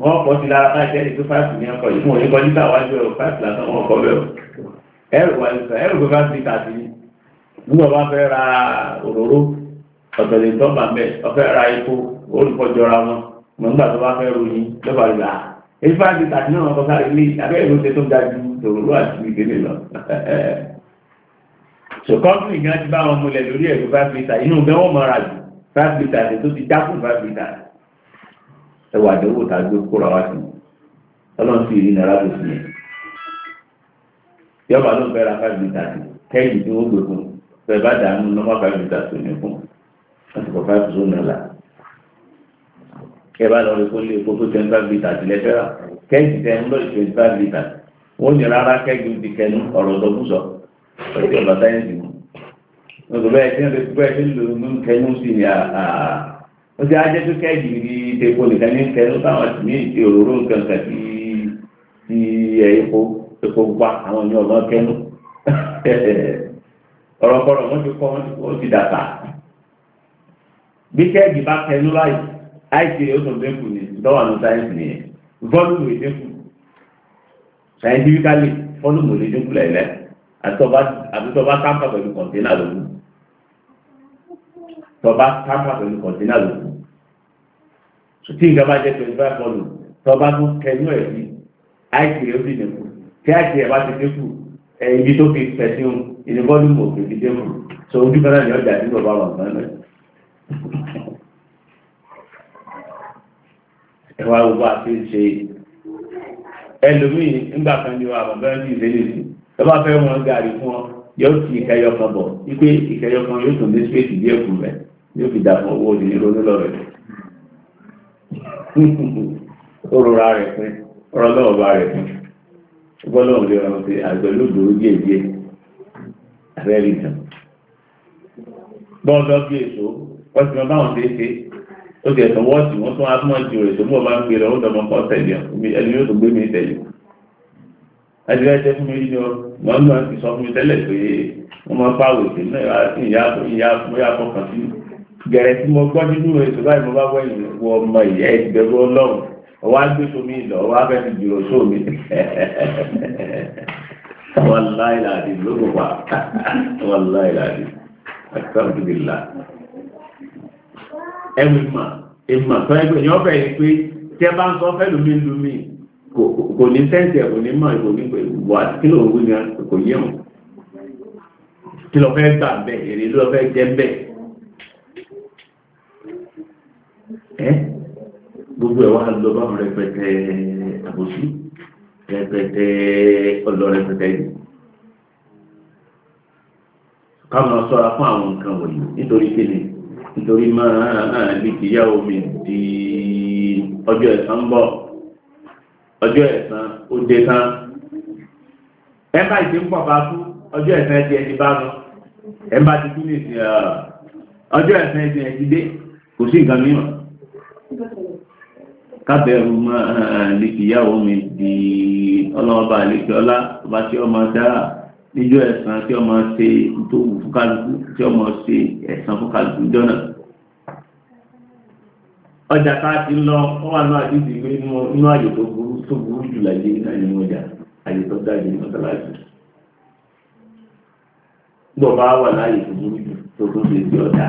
wọ́n kọ sí lára five kẹ́rì tó five ní ọkọ̀ yìí wọ́n yíkọ́ níta wájú ẹ̀rọ five lásán wọ́n kọ bẹ́ẹ̀ ẹ̀rù wájú ẹ̀rù tó five litre sí nígbà bá fẹ́ ra òróró ọ̀tọ̀lẹ̀ tọ́pà mẹ́ ọ̀fẹ́ ra epo olùkọ́jọra wọn mọ̀ nígbà tó bá fẹ́ ròyìn lọ́pà rà èyí five litre náà wọ́n kọ sáré ilé abẹ́ ìlú ṣe tó ga ju òróró àti ṣùkọ́dún ìgbà ti bá wọn múlẹ̀ lórí ẹ̀rọ five litre inú bẹ́ẹ̀ wọ́n mọ́ra jù five litre ṣe tó ti dákùn five litre ẹwà àdéhùn tàbí kóra wá sí ọlọ́run sì rí nàrà lò sí yẹn yọba ló ń bẹ́ra five litre sí kẹ́yìn tí ó gbé fún bẹ́ẹ̀ bá dàánú nọ́mà five litre sí ní fún àsìkò five zone nàlà kẹ́ bá lọ rí kó lé epo tó twenty five litre sí lẹ́fẹ̀rà kẹ́yìn tẹ́ ń lọ́ọ̀dì twenty five litre wọ́n ní rárá kẹ́yìn ti kẹnu ọ̀rọ̀ sọ́kùsọ̀ ọ̀rọ̀ lọ́dọ̀ ẹ̀ tí wọ́n fi pẹ́ nílò ní kẹ́yìn sí ni ó ti ajẹ́ tó kẹ́ẹ̀dì ní tepo nìkan ní kẹ́yìn táwọn sì ní ìdí òróró nǹkan kan sí sí epo epo pupa àwọn èèyàn ọ̀nà kẹ́nu ọ̀rọ̀kọ̀rọ̀ wọ́n ti kọ́ wọ́n ti dàtà bí kẹ́ẹ̀dì bá kẹ́nu láì àìsí ó tún dínkù ní dọ́wà ní sáyẹ́ǹsì nìyẹn fọ́lùmù ìdínkù scientifically fọ́lùmù ìdínkù lẹ́lẹ́ àti tọ́ba kápá pẹ̀lú kọ̀ǹtẹ́nà lógún. tọba kápá pẹ̀lú kọ̀ǹtínà lòkù tí nǹkan jẹ́ pẹ̀lú bá bọ́ọ̀lù tọba tó kẹnu ẹ̀ sí àìsí ó sì tí àìsí ẹ̀ bá ti dínkù ibi tó fi pẹ̀sí òun ìní bọ́ọ̀lù mọ̀ òkè ti so ojú kan ni ọjà tí bàbá wà fún ẹ̀ ẹ gbogbo àti ṣe ẹlòmíì ńgbà kan ni wà bàbá ẹ̀ ń ṣe tọba fẹ́ wọn gàrí fún ọ yóò ti ìkẹyọ kan bọ̀ wípé ìkẹyọ kan yóò ní díẹ̀ kù rẹ̀ yóò fi dàpọ̀ owó òdì ní ronú lọ́rẹ̀ rẹ̀ ó rọra rẹ̀ pín ọ̀rọ̀ lọ́wọ́ bá rẹ̀ pín gbọ́dọ̀ lè ọ̀rọ̀ sí àgbẹ̀lódò díẹ̀ díẹ̀ àrẹ́rì kan bọ́ọ̀dọ́ bí èso wọ́n ti mọ báwọn ṣe é ṣe ó ti ẹ̀sán wọ́ọ̀tì wọ́n tún á tún wọ́n ju rẹ̀ tó mọ̀ bá ń gbé lọ ó dọ̀mọ́ pọ̀ tẹ̀lé ẹni yóò tó gbé mi tẹ̀lé adìrẹ́sẹ̀ fún mi yíyan wọ́n náà ti sọ fún mi tẹ́lẹ̀ pé wọ́n máa ń pàwọ̀ ìṣẹ̀lẹ̀ ìyá ìyá ìyá kọ̀ọ̀kan sí mi gẹ̀rẹ́ tí mo gbọ́ nínú ètò báyìí mo bá wọ ìwọ ọmọ ìyá ìbẹ̀rù ọlọ́run ọwọ́ agbésọ mi lọ ọwọ́ abẹ́ mi jùlọ sọ mi wàláì láti lóko pa wàláì láti àtàkùnbìlà ẹ̀wù ìmọ̀ ìmọ̀ tó ẹgbẹ́ yọ bẹ̀ ni pé tẹ́ bá ń sọ fẹ́ lómi lómi kò ní sẹ́ǹtì ẹ̀ kò ní mọ̀ kò ní pẹ̀ wà kí ló ń wí ni kò yẹ̀ wọ́n kí ló fẹ́ gbà bẹ́ẹ̀ èrè ló fẹ́ jẹ́ bẹ́ẹ̀. ẹ́ gbogbo ẹ̀ wá lọ bá wọn rẹpẹtẹ àbòsí rẹpẹtẹ ọlọ rẹpẹtẹ yìí ká máa sọ́ra fún àwọn nǹkan wọ̀nyí nítorí kíni nítorí máa ní kìyà omi di ọjọ́ ẹ̀san ń bọ̀ ọjọ́ ẹ̀san ó dé tán ẹ bá ìdí ń pọ̀ bá kú ọjọ́ ẹ̀san ẹ̀dí ẹni bá lọ ẹ bá ti kú ní ìsìn ọjọ́ ẹ̀san ẹ̀dí ẹ̀dí dé kò sí nǹkan mìíràn kábẹ̀rù máa lè eh, kìyàwó mi di ọlọ́ọ̀bà àlejò ọlá ọba tí ọmọ dára níjọ́ ẹ̀san tí ọmọ ṣe tó wù fún kálukú tí ọmọ ṣe ẹ̀san fún kálukú jọ́nà. ọjà ká ti lọ ó wà náà àdìsí pé inú àyè tó burú tó burú jù láyé náà ni wọ́n jà àyè tó dájú ní mọ́tàláṣí. gbọ̀bá wà láàyè tó burú jù tó tó ṣe sí ọ̀dà.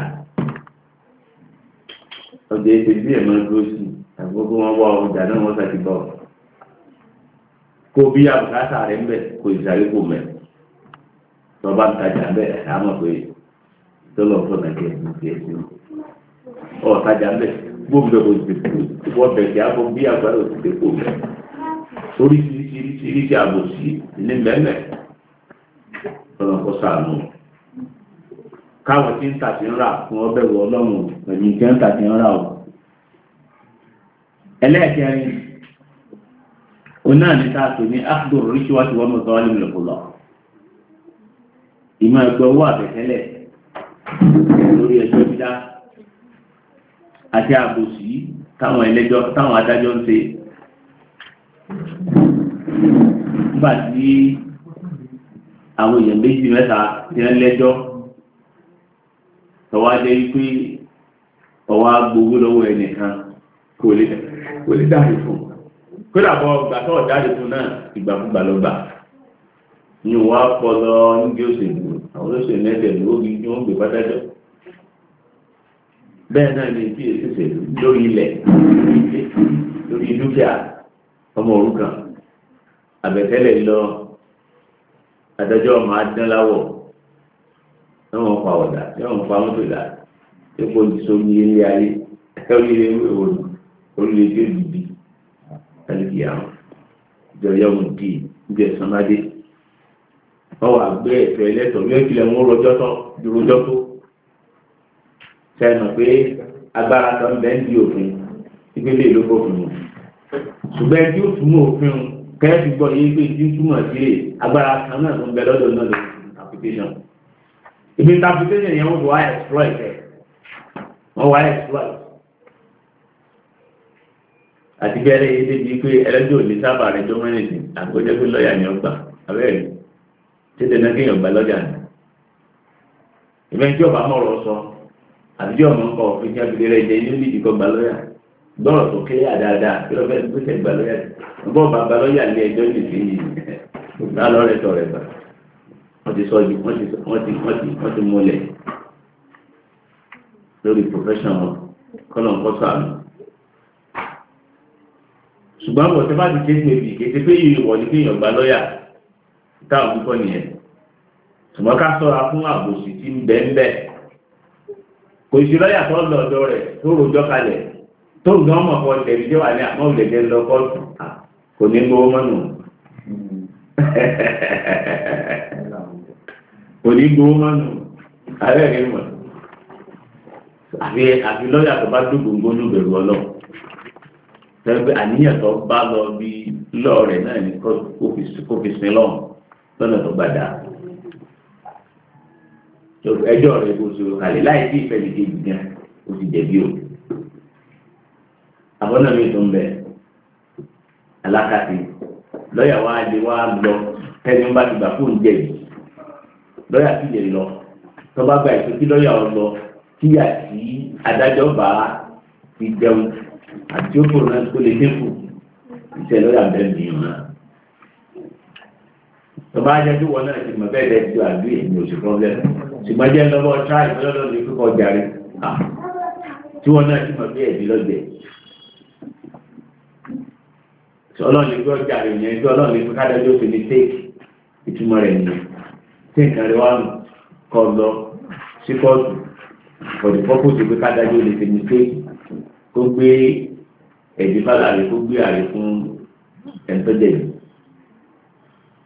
ọ̀dà ètò ìbí ẹ̀ máa dúró sí i gbogbo wọn wọ ọjà náà wọn fẹẹ ti bọ kó bí abùkátà rẹ ń bẹ kó ìsàlẹ kò mẹ tọba ń tajà ń bẹ àmọ́ pé tọlọ fún ọjà tiẹ fún tiẹ sí ọ tajà ń bẹ gbogbo kò ti kú wọn bẹ kí abọ bí agbára òsì tẹ kò mẹ oríṣiríṣiríṣi àbòsí ní mẹmẹ tọlọ kó sàánú káwọn tí ń tà ń rà fún ọbẹ̀ wọ ọlọ́run ẹ̀mí tí ń ń rà o. ẹlẹ́ẹ̀kẹrin onáà ní káàtó ní akhdor ríṣíwájú wọn mọ̀ sọ́wọ́n nílò kó lọ ìmọ̀ ẹgbẹ́ owó àbẹ̀tẹ́lẹ̀ lórí ẹjọ́ dídá àti àbòsí táwọn ẹlẹ́jọ́ táwọn adájọ́ ń ṣe nígbà tí àwọn èèyàn méjì mẹ́ta ti ń lẹ́jọ́ tọ́wọ́ adé wípé ọwọ́ agbowó lọ́wọ́ ẹnìkan. kò lè dáre fún kódà bọ́ ọgbà tó ọ̀dáre fún náà ìgbàkúgbà ló gbà ní wàá pọlọ níbi òṣèlú àwọn olóṣèlú ẹgbẹ́ ló rí ní wọ́n gbé pátájọ́ bẹ́ẹ̀ náà ni bí èsì òṣèlú lórí ilẹ̀ lórí dúkìá ọmọ òrukàn àbẹ̀tẹ́lẹ̀ lọ adájọ́ ọmọ adánláwọ̀ ẹ̀wọ̀n pa ọ̀dà ẹ̀wọ̀n pa mọ́tò dà epo ìsọmi ilé ayé ẹ̀wọ̀n ilé ìwòrán olùdíje lùbí alìkì àwọn ìjọyọ̀ ọ̀hún dì níbi ẹ̀sán máa dé wọ́n wà gbé ẹ̀tọ́ ẹlẹ́tọ̀ ní ìpìlẹ̀ wọn rọjọ́ tán dúrójọ́ tó sẹ́nu pé agbára tó ń bẹ́ ń di òfin ìgbélé ló bófin mu ṣùgbọ́n ẹni tí ó túmọ̀ òfin kẹ́ẹ̀sì gbọ́ yé pé tí ń túmọ̀ sí rè agbára kan náà ló ń bẹ lọ́dọ̀ náà lórí interpretation ibi interpretation yẹn wọ́n wá exploit ẹ̀ wọ́n wá exploit àti kẹrẹ yìí débi pé ẹlẹ́jọ́ ò lè sábà rẹ̀ tó mẹ́rin sí àkójọ pé lọ́ọ̀yà ni ọgbà abẹ́rẹ́ tètè náà kéèyàn gba lọ́jà ni ìbẹ́ tí ọba mọ̀rọ̀ sọ àti tí ọmọ nǹkan òfin tí abìlẹ̀ rẹ̀ jẹ́ inú nídìí kọ́ gba lọ́yà gbọ́rọ̀ tó kílẹ̀ àdáadáa kí lọ́fẹ́ tó tẹ̀ gba lọ́yà bọ́ ọba gba lọ́yà ní ẹjọ́ nìfín lórí professional kọ́lọ̀ ń kọ́ sọ ṣùgbọ́n àwọn ọ̀sẹ̀ bá ti kéde níbi kéde pé ìwọ̀ ni kéèyàn gba lọ́ọ̀yà táwọn púpọ̀ nìyẹn ṣùgbọ́n ká sọ́ra fún àbòsí tí ń bẹ́ẹ̀ bẹ́ẹ̀ kò sí lọ́ọ̀yà tó lọ ọ̀dọ̀ rẹ̀ tó rojọ́ kalẹ̀ tó ń dán ọmọ kan tẹ̀lé jẹ́ wà ní àmọ́ òlẹ̀jẹ̀ lọ kọ́ọ̀tù kò ní gbowó mọ́nù kò ní gbowó mọ́nù ààrẹ mọ̀ àfi lọ́ọ̀yà tó bá dùn gbòǹgbò lùbẹ̀rù ọlọ́run tẹ́lẹ̀ àníyàn tó bá lọ bí lọ́ọ̀ rẹ̀ náà ni kó fi sin lọ́hùn lọ́nà tó gbàdá ẹjọ́ rẹ̀ kò sòrò kalẹ̀ láì sí ìfẹ̀lẹ̀ kejì gan o ti jẹ̀bi o àbọ̀nà mi tó ń bẹ̀ alákàtì lọ́ọ̀yà wa lè wá lọ tẹ́lẹ̀ ń bá ti gbà fóun jẹ̀bi lọ́ọ̀yà sì lè lọ tó bá gba ìpè kí lọ́ọ̀yà ọ lọ kíyà sí adájọ́ bá ti jẹun àti òkú náà tó lè dínkù iṣẹ́ lọ́yà bẹ́ẹ̀ mìíràn. tọ́ba ajẹ́ tí wọn náà ti mọ̀ bẹ́ẹ̀ bẹ́ẹ̀ tó àbí èmi ò sí problem ṣùgbọ́n jẹ́ lọ́wọ́ tíráì lọ́dọ̀ ní kíkọ́ jàre tí wọn náà ti mọ̀ bí ẹ̀bí lọ́jẹ̀ ọlọ́ọ̀ni gbọ́ jàre yẹn gbọ́ ọlọ́ọ̀ni pé kádájọ́ fi ní téèkì ìtumọ̀ rẹ̀ nìyẹn téèkì rẹ̀ wà kọ́ lọ sí kóòtù for the purpose of pé kádájọ́ lè fi ní téèkì tó gbé ẹ̀dí fàlà rẹ̀ tó gbé àrè fún ẹ̀ńtọ́jẹ̀ yìí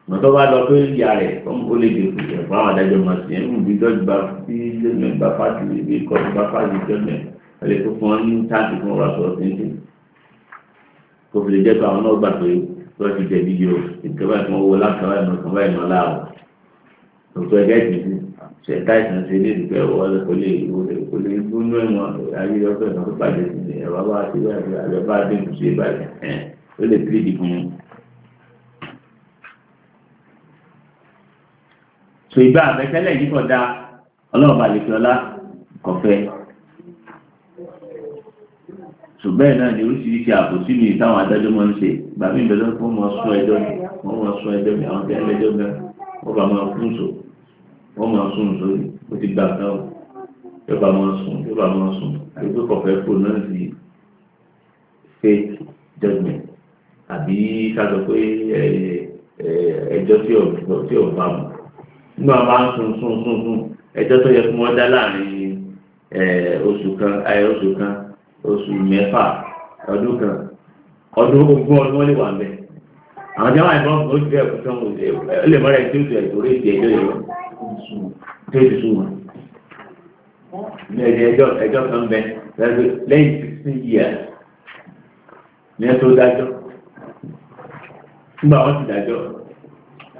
mọ̀tọ́ bá lọ tó yà rẹ̀ ó lè dé kùtù ẹ̀fọ́ àwọn adájọ́ máa sì ń bí dọ́jú bá sí lẹ́nu bá fájú ibi kọ́ bá fájú jọ́nà ẹ̀lẹ́ tó fún ọ ní táàkì fún ọ̀rọ̀ sọ̀rọ̀ tẹ́ńtẹ́ kò fi lè jẹ́ pé àwọn náà gbà pé tó ti jẹ̀bi yìí o ìkẹ́wà tí wọ́n wọ láti ọ̀rọ̀ ẹ̀mọ́ kan báyìí náà láàrọ̀ ṣe táìsàn ṣe lè dùpẹ́ ọwọ́ rẹ̀ kò lè kò lè gbónú ẹ̀wọ̀n ayélujáfẹ́ náà tó bàjẹ́ sí ni ẹ̀rọ bá ti wá ẹ̀rọ àbẹ́ bá dé ìlú sí ìbàjẹ́ ẹ̀ ó lè pè dì fún un. sọ ìgbà àbẹ̀tẹ́lẹ̀ yìí kọ̀dá ọlọ́ọ̀bà lẹ́kọ̀ọ́lá kọ̀fẹ́. ṣùgbọ́n náà ni oríṣiríṣi àbòsí mi táwọn adájọ́ máa ń ṣe gbàmí ìbẹ̀lẹ́ fún ọmọ sọ ẹjọ́ wọ́n máa sùn lórí ó ti gbà kan yóò bá máa sùn yóò bá máa sùn àdúgbò kọ̀ọ̀fẹ́ kò náà sí faith judgment àbí kájọ pé ẹjọ́ tí ò tí ò bá mu nígbà wọn bá ń sùn sùn sùn sùn ẹjọ́ tó yẹ kí wọ́n dá láàrin oṣù kan oṣù kan oṣù mẹ́fà ọdún kan ọdún ogún ọdún wọn lè wà ń bẹ àwọn jẹ́ wọn àìbọ̀n ó ti fẹ́ ẹ̀kú sọ́wọ́n ó lè mọ́ra ẹ̀ tí ó ti ẹ̀ tó rí ìdí ẹjọ́ yẹn lọ tẹ́lẹ̀ sùnmọ̀ ní ẹjọ́ ẹjọ́ kan bẹ lẹ́yìn 16 years ní ẹ tó dájọ́ nígbà wọn ti dájọ́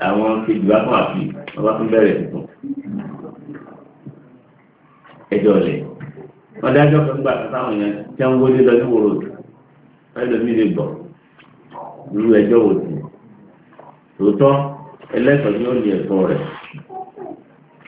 àwọn kejì wá fún àfi wọn bá tún bẹ̀rẹ̀ tuntun ẹjọ́ lẹ̀ wọn dájọ́ kan gbà sáwọn yẹn tí wọn wọlé lọ ní wòrò ẹlòmíì lè gbọ́ irú ẹjọ́ wò sí tòótọ́ ẹlẹ́tọ̀ọ́ ni ó lè ẹ̀tọ́ rẹ̀.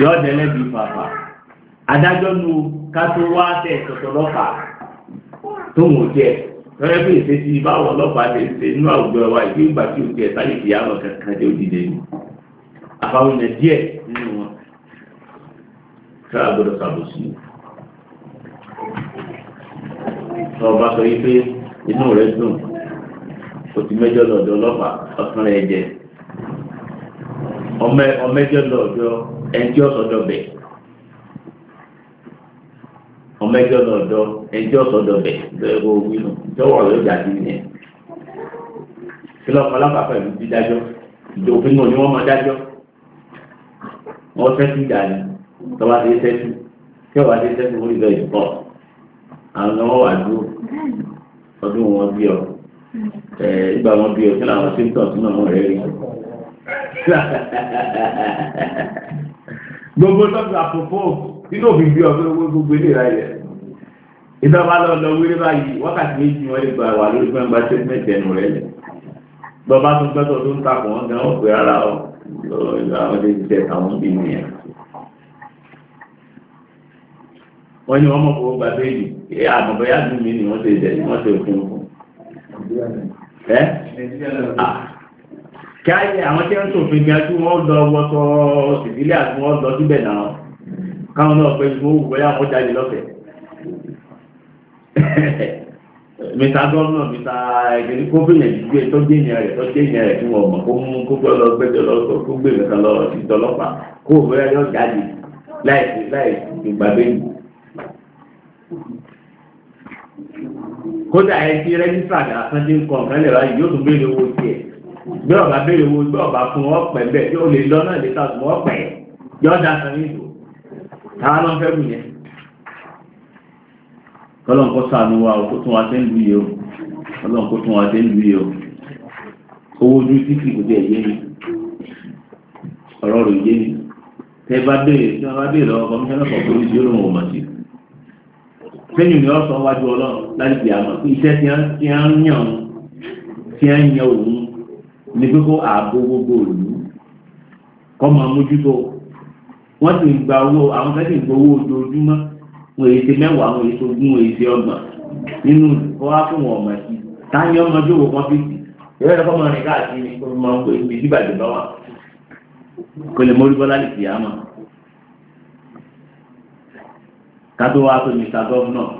yọ ọ̀dẹ́lẹ̀ bí fàfà adájọ́ nu kátó wá tẹ̀ tọ̀tọ̀ lọ́fà tó ń wò jẹ́ lọ́yẹ́ pé ti báwọn ọlọ́pàá lè ṣe inú àwùjọ wa ìgbé ìgbà tí o jẹ sáyé ìyá lọ kankan ni nínú wọn ẹnjẹ ọsọdọ bẹ ọmọ ẹjọ lọdọ ẹnjẹ ọsọdọ bẹ bẹ́ẹ̀ bó wí nù jọ̀wọ́ yóò jà sí yẹn kí lọ fọlá pàpà ìlú ti dájọ́ ìjòfin náà ni wọn máa dájọ́ wọn sẹsì dání tọba ti sẹsì kẹwàá ti sẹsì wọn ìlọ ìpọ àwọn ọmọ wà dúró ọdún wọn bí ọ ẹ ìgbà wọn bí ọ kí làwọn symptoms náà wọn rẹ rí. gbogbo tọ́jú àpòpọ̀ nínú òfin bí ọdún owó gbogbo ilé ra ilẹ̀ ìjọba lọ lọ wílé báyìí wákàtí méjì wọn lè gba wà lórí gbọ́n gba statement ẹnu rẹ lẹ bàbá tó gbẹ́tọ̀ tó ń takò wọn gan ọ̀pẹ ara ọ àwọn lè jẹ àwọn bí nìyẹn. wọ́n ní wọ́n mọ̀ fowó gba béèlì ẹ àmọ̀bẹ́yà dùn mí ni wọ́n ṣe jẹ wọ́n ṣe fún un. ẹ kí àwọn tí ń sòfin ní ajú wọn lọ wọtọ sìbílẹ̀ àti wọn lọ síbẹ̀ náà káwọn náà pé ìfowó bóyá wọn jáde lọ́fẹ̀ẹ́ mr gọ́ọ̀nà mr ẹgbẹ̀rún kó bẹ̀rẹ̀ gbígbé tó jẹ́ ìyẹn rẹ̀ tó jẹ́ ìyẹn rẹ̀ tí wọ́n mọ̀ kó mú kó gbọ́ lọ gbẹ́jọ́ lọ kó gbé nǹkan lọ sí tọlọ́pàá kó bóyá yọ jáde láì láì ìgbà bẹ́ẹ̀ kódà ẹ ti rẹ́jísà àti àkàndínkọ̀ọ̀kan lè ra yóò tún bí ọba béèrè owó bí ọba fún wọn pẹ bẹ́ẹ̀ yóò lè lọ náà lè ta ọsùn wọn pẹ yóò da san yìí tó táwọn lọ fẹ́ wùyẹn. kọ́lọ́n kó sànù wa o kó tún wa ṣe ń lu yìí o kọ́lọ́n kó tún wa ṣe ń lu yìí o owó ojú títì kò dé yé mi ọ̀rọ̀ rẹ̀ yé mi tẹ́ bá béèrè tí wọ́n bá béèrè lọ́wọ́ kọ́míṣánná kan kó lóṣù yóò lóun ò mọ̀ sí sẹ́yìn ni wọ́n sọ wájú ọlọ́run láti pè àmọ́ iṣẹ́ tí wọ́n ń yàn òun ní kókó ààbò gbogbo òlú kọ́mọ mójútó wọ́n sì ń gba owó àwọn kan sì ń gbowó ojoojúmọ́ wọ́n èyí ti mẹ́wàá wọ́n èyí tó gún wọ́n èyí ti ọgbọ̀n nínú ọwá fún wọn ọmọ sí táyé ọmọ tó wọ kọ́fíìsì ìwé ẹ̀rọ kọ́mọ rìn káàkiri kó mọ ibi tí bàjẹ́ bá wà kó lè mórí bọ́lá lè fìyà mọ́ kátó wá pé mr governor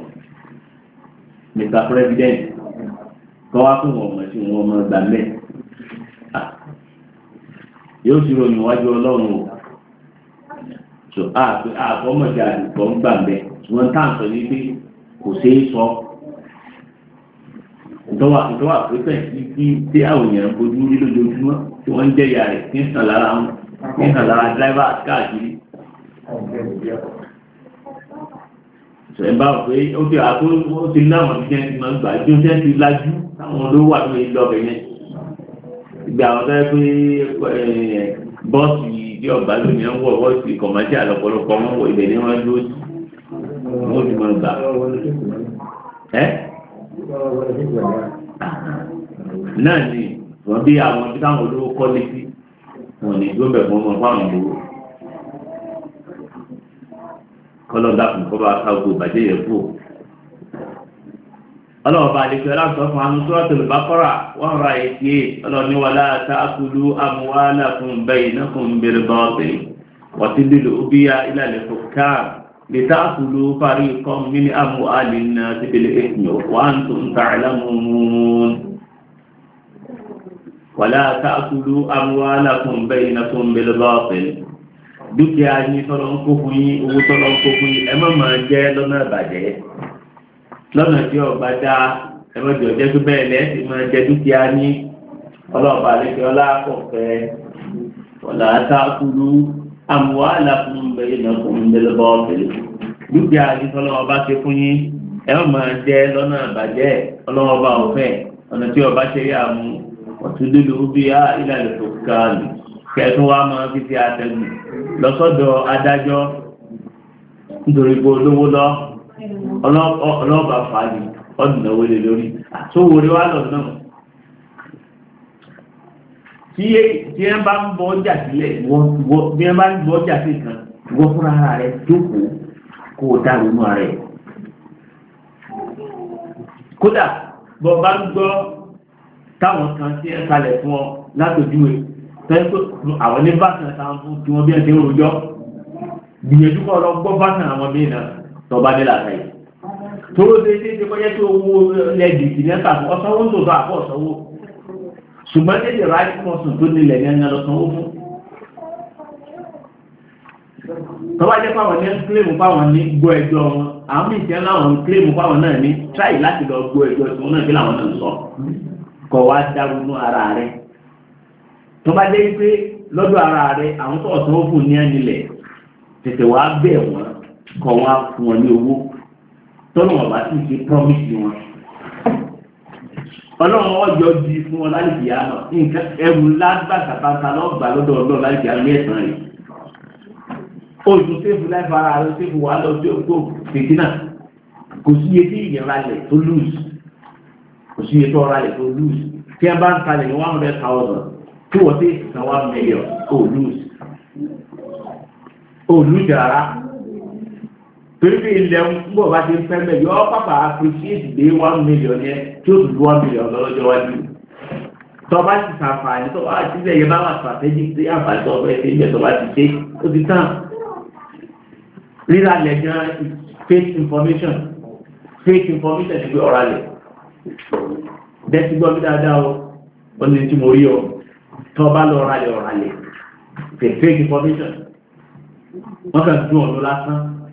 mr president kọ́ wá fún wọn ọmọ sí wọn ọmọ gbàgbẹ́ yóò ti ròyìn wájú ọlọ́run o so àpè àfọmọdé àdìgbò ń gbà bẹ wọn tá à ń sọ ní pé kò ṣeé sọ ìtọ́wà ìtọ́wà pípẹ́ tí tí àwọn èèyàn bójú rí lójoojúmọ́ tí wọ́n ń jẹ́yà rẹ̀ ní sàn lára wọn ní sàn lára dráìvà káàkiri. sọ ẹ bá wọ pé ó ti àkóso ó ti láwọn ìṣẹ́ ti máa gbà jó sẹ́ńtì lájú táwọn olówó àti ìlọ́bẹ̀ yẹn ìgbà wọn fẹ́ pé eh, bọ́ọ̀sì bí ọ̀bá lónìí ń wọ̀ bọ́ọ̀sì kọ̀mọ́tíà lọ́pọ̀lọpọ̀ wọn wọ ibẹ̀ ní wọn dúró sí wọn ti mọ̀ gbà. náà ni wọn bí àwọn tí táwọn olówó kọ́ létí wọn ní dúró bẹ̀ fún wọn fáwọn olówó. kọ́lọ́ dàkùn kọ́ bá ká gbó bàjẹ́ yẹn kú ọlọ́ọ̀bá àdìsọ láǹtọ́ fún àwọn suratul Baqara wọ́n ra èsì ọlọ́ọ̀ni wala ta'kulu amwalakum bainakum bil batil wa tudillu biha ila al-hukam lita'kulu fariqan min amwalin nas bil ithmi wa antum ta'lamun. wala ta'kulu amwalakum bainakum bil batil fún yín owó tọ́lọ́ ń kó fún yín ẹ má lọ́nà tí ọba dáa ẹ̀mọ́jọ jẹ́ tó bẹ́ẹ̀ lẹ́yìn tí máa jẹ dúkìá ní ọlọ́ọ̀bà lẹ́kẹ́ ọlákọ̀ọ́fẹ́ ọ̀là àtàkùrú àmúwá àlàkùn bẹ́ẹ̀ náà kò ń bẹ́ẹ̀ bọ́ ọ̀fẹ́lẹ̀ dúkìá ní tọ́lọ́wọ́ bá ṣe fún yín ẹ ó máa jẹ lọ́nà àbàjẹ́ ọlọ́wọ́ba ọ̀fẹ́ ọ̀nà tí ọba ṣe yà mú ọ̀túndínlù bí i ìlànà tó kààlù kẹtù wa máa fi ti àtẹ̀gùn lọ́sọ́dọ̀ adájọ́ nítorí gbogbo olówó lọ́ọ́ ọlọ́ọ̀bá fàájì ọ̀nà wẹ́lẹ̀ lórí àtúwòrí wà lọ́nà tí ẹ bá ń bọ́ ọjà sílẹ̀ bí ẹ bá ń bọ́ ọjà sí kan wọ́n fúnra ara rẹ̀ jókòó kó o dárò inú ara rẹ̀ kódà bọ́ bá ń gbọ́ táwọn kan tí ẹ kalẹ̀ fún ọ látòjúwe tẹ́kọ̀ àwọn ní bá kan táwọn fún tí wọ́n bí ẹ ti ń rojọ́ gbìyànjú kọ́ ọ lọ gbọ́ bá kan àwọn mí náà tọba dé làtà yìí eh, tó ló ṣe ṣe ṣe kọjá tí owó lẹ́dì sí mẹ́ta ọ̀sánwó ń tòótọ́ àpọ̀ ọ̀sánwó ṣùgbọ́n tètè ráì pọ̀sùn tó nílẹ̀ ní ẹ̀yàn lọ́sánwó fún. tọ́ba jẹ́ fáwọn ní kílèmù fáwọn ní gbọ́ ẹjọ́ wọn àwọn ìṣẹ́ láwọn kílèmù fáwọn náà ní tíráì láti lọ gbọ́ ẹjọ́ tí wọ́n náà kí làwọn náà sọ kọ̀ wá dárúnú ara rẹ̀ tọ́ba jẹ́ pé lọ́dọ̀ ara rẹ̀ àwọn tó ọ̀sánwó fún ní ẹ̀ nílẹ̀ tètè wá bẹ̀ wọ́n kọ̀ wọ́n á fún wọn ní owó tọ́nà wọn bá sì ṣe promise wọn. ọlọ́run ọjọ́ di fún wọn láì bìí àná nǹkan ẹrù lágbàtàbàtà lọ́gbà lọ́dọ̀ ọlọ́run láì bìí àná ẹ̀sán rẹ̀. oṣù sẹ́fù láì fara rẹ̀ sẹ́fù wà lọ sí ọkọ̀ fìtínà kò sí iye tí ìyẹ̀ra lẹ̀ tó lùsù kò sí iye tó ọ̀ra lẹ̀ tó lùsù tí ẹ bá ń talẹ̀ ní one hundred thousand tí wọ́n ti san one million ó lùsù ó torí bí ilẹ̀ ń bọ̀ bá ti ń fẹ́ mẹ́ yọ pápá appreciate dé one million yẹn tí ó dùn one million lọ́jọ́ wájú tó bá ti sàǹfààní tó bá ti sẹ̀ yẹn bá wà strategic sí àǹfààní tó ọ̀fẹ́ ṣe ń jẹ́ tó bá ti ṣe ó ti tán rírà lẹ̀ fake information fake information ti gbé ọ̀rá lẹ̀ dẹ́sí gbọ́ bí dáadáa o ó ní tí mo rí o tó lọ ọ̀rá lẹ̀ ọ̀rá lẹ̀ fake information wọ́n kàn dún ọ̀dọ́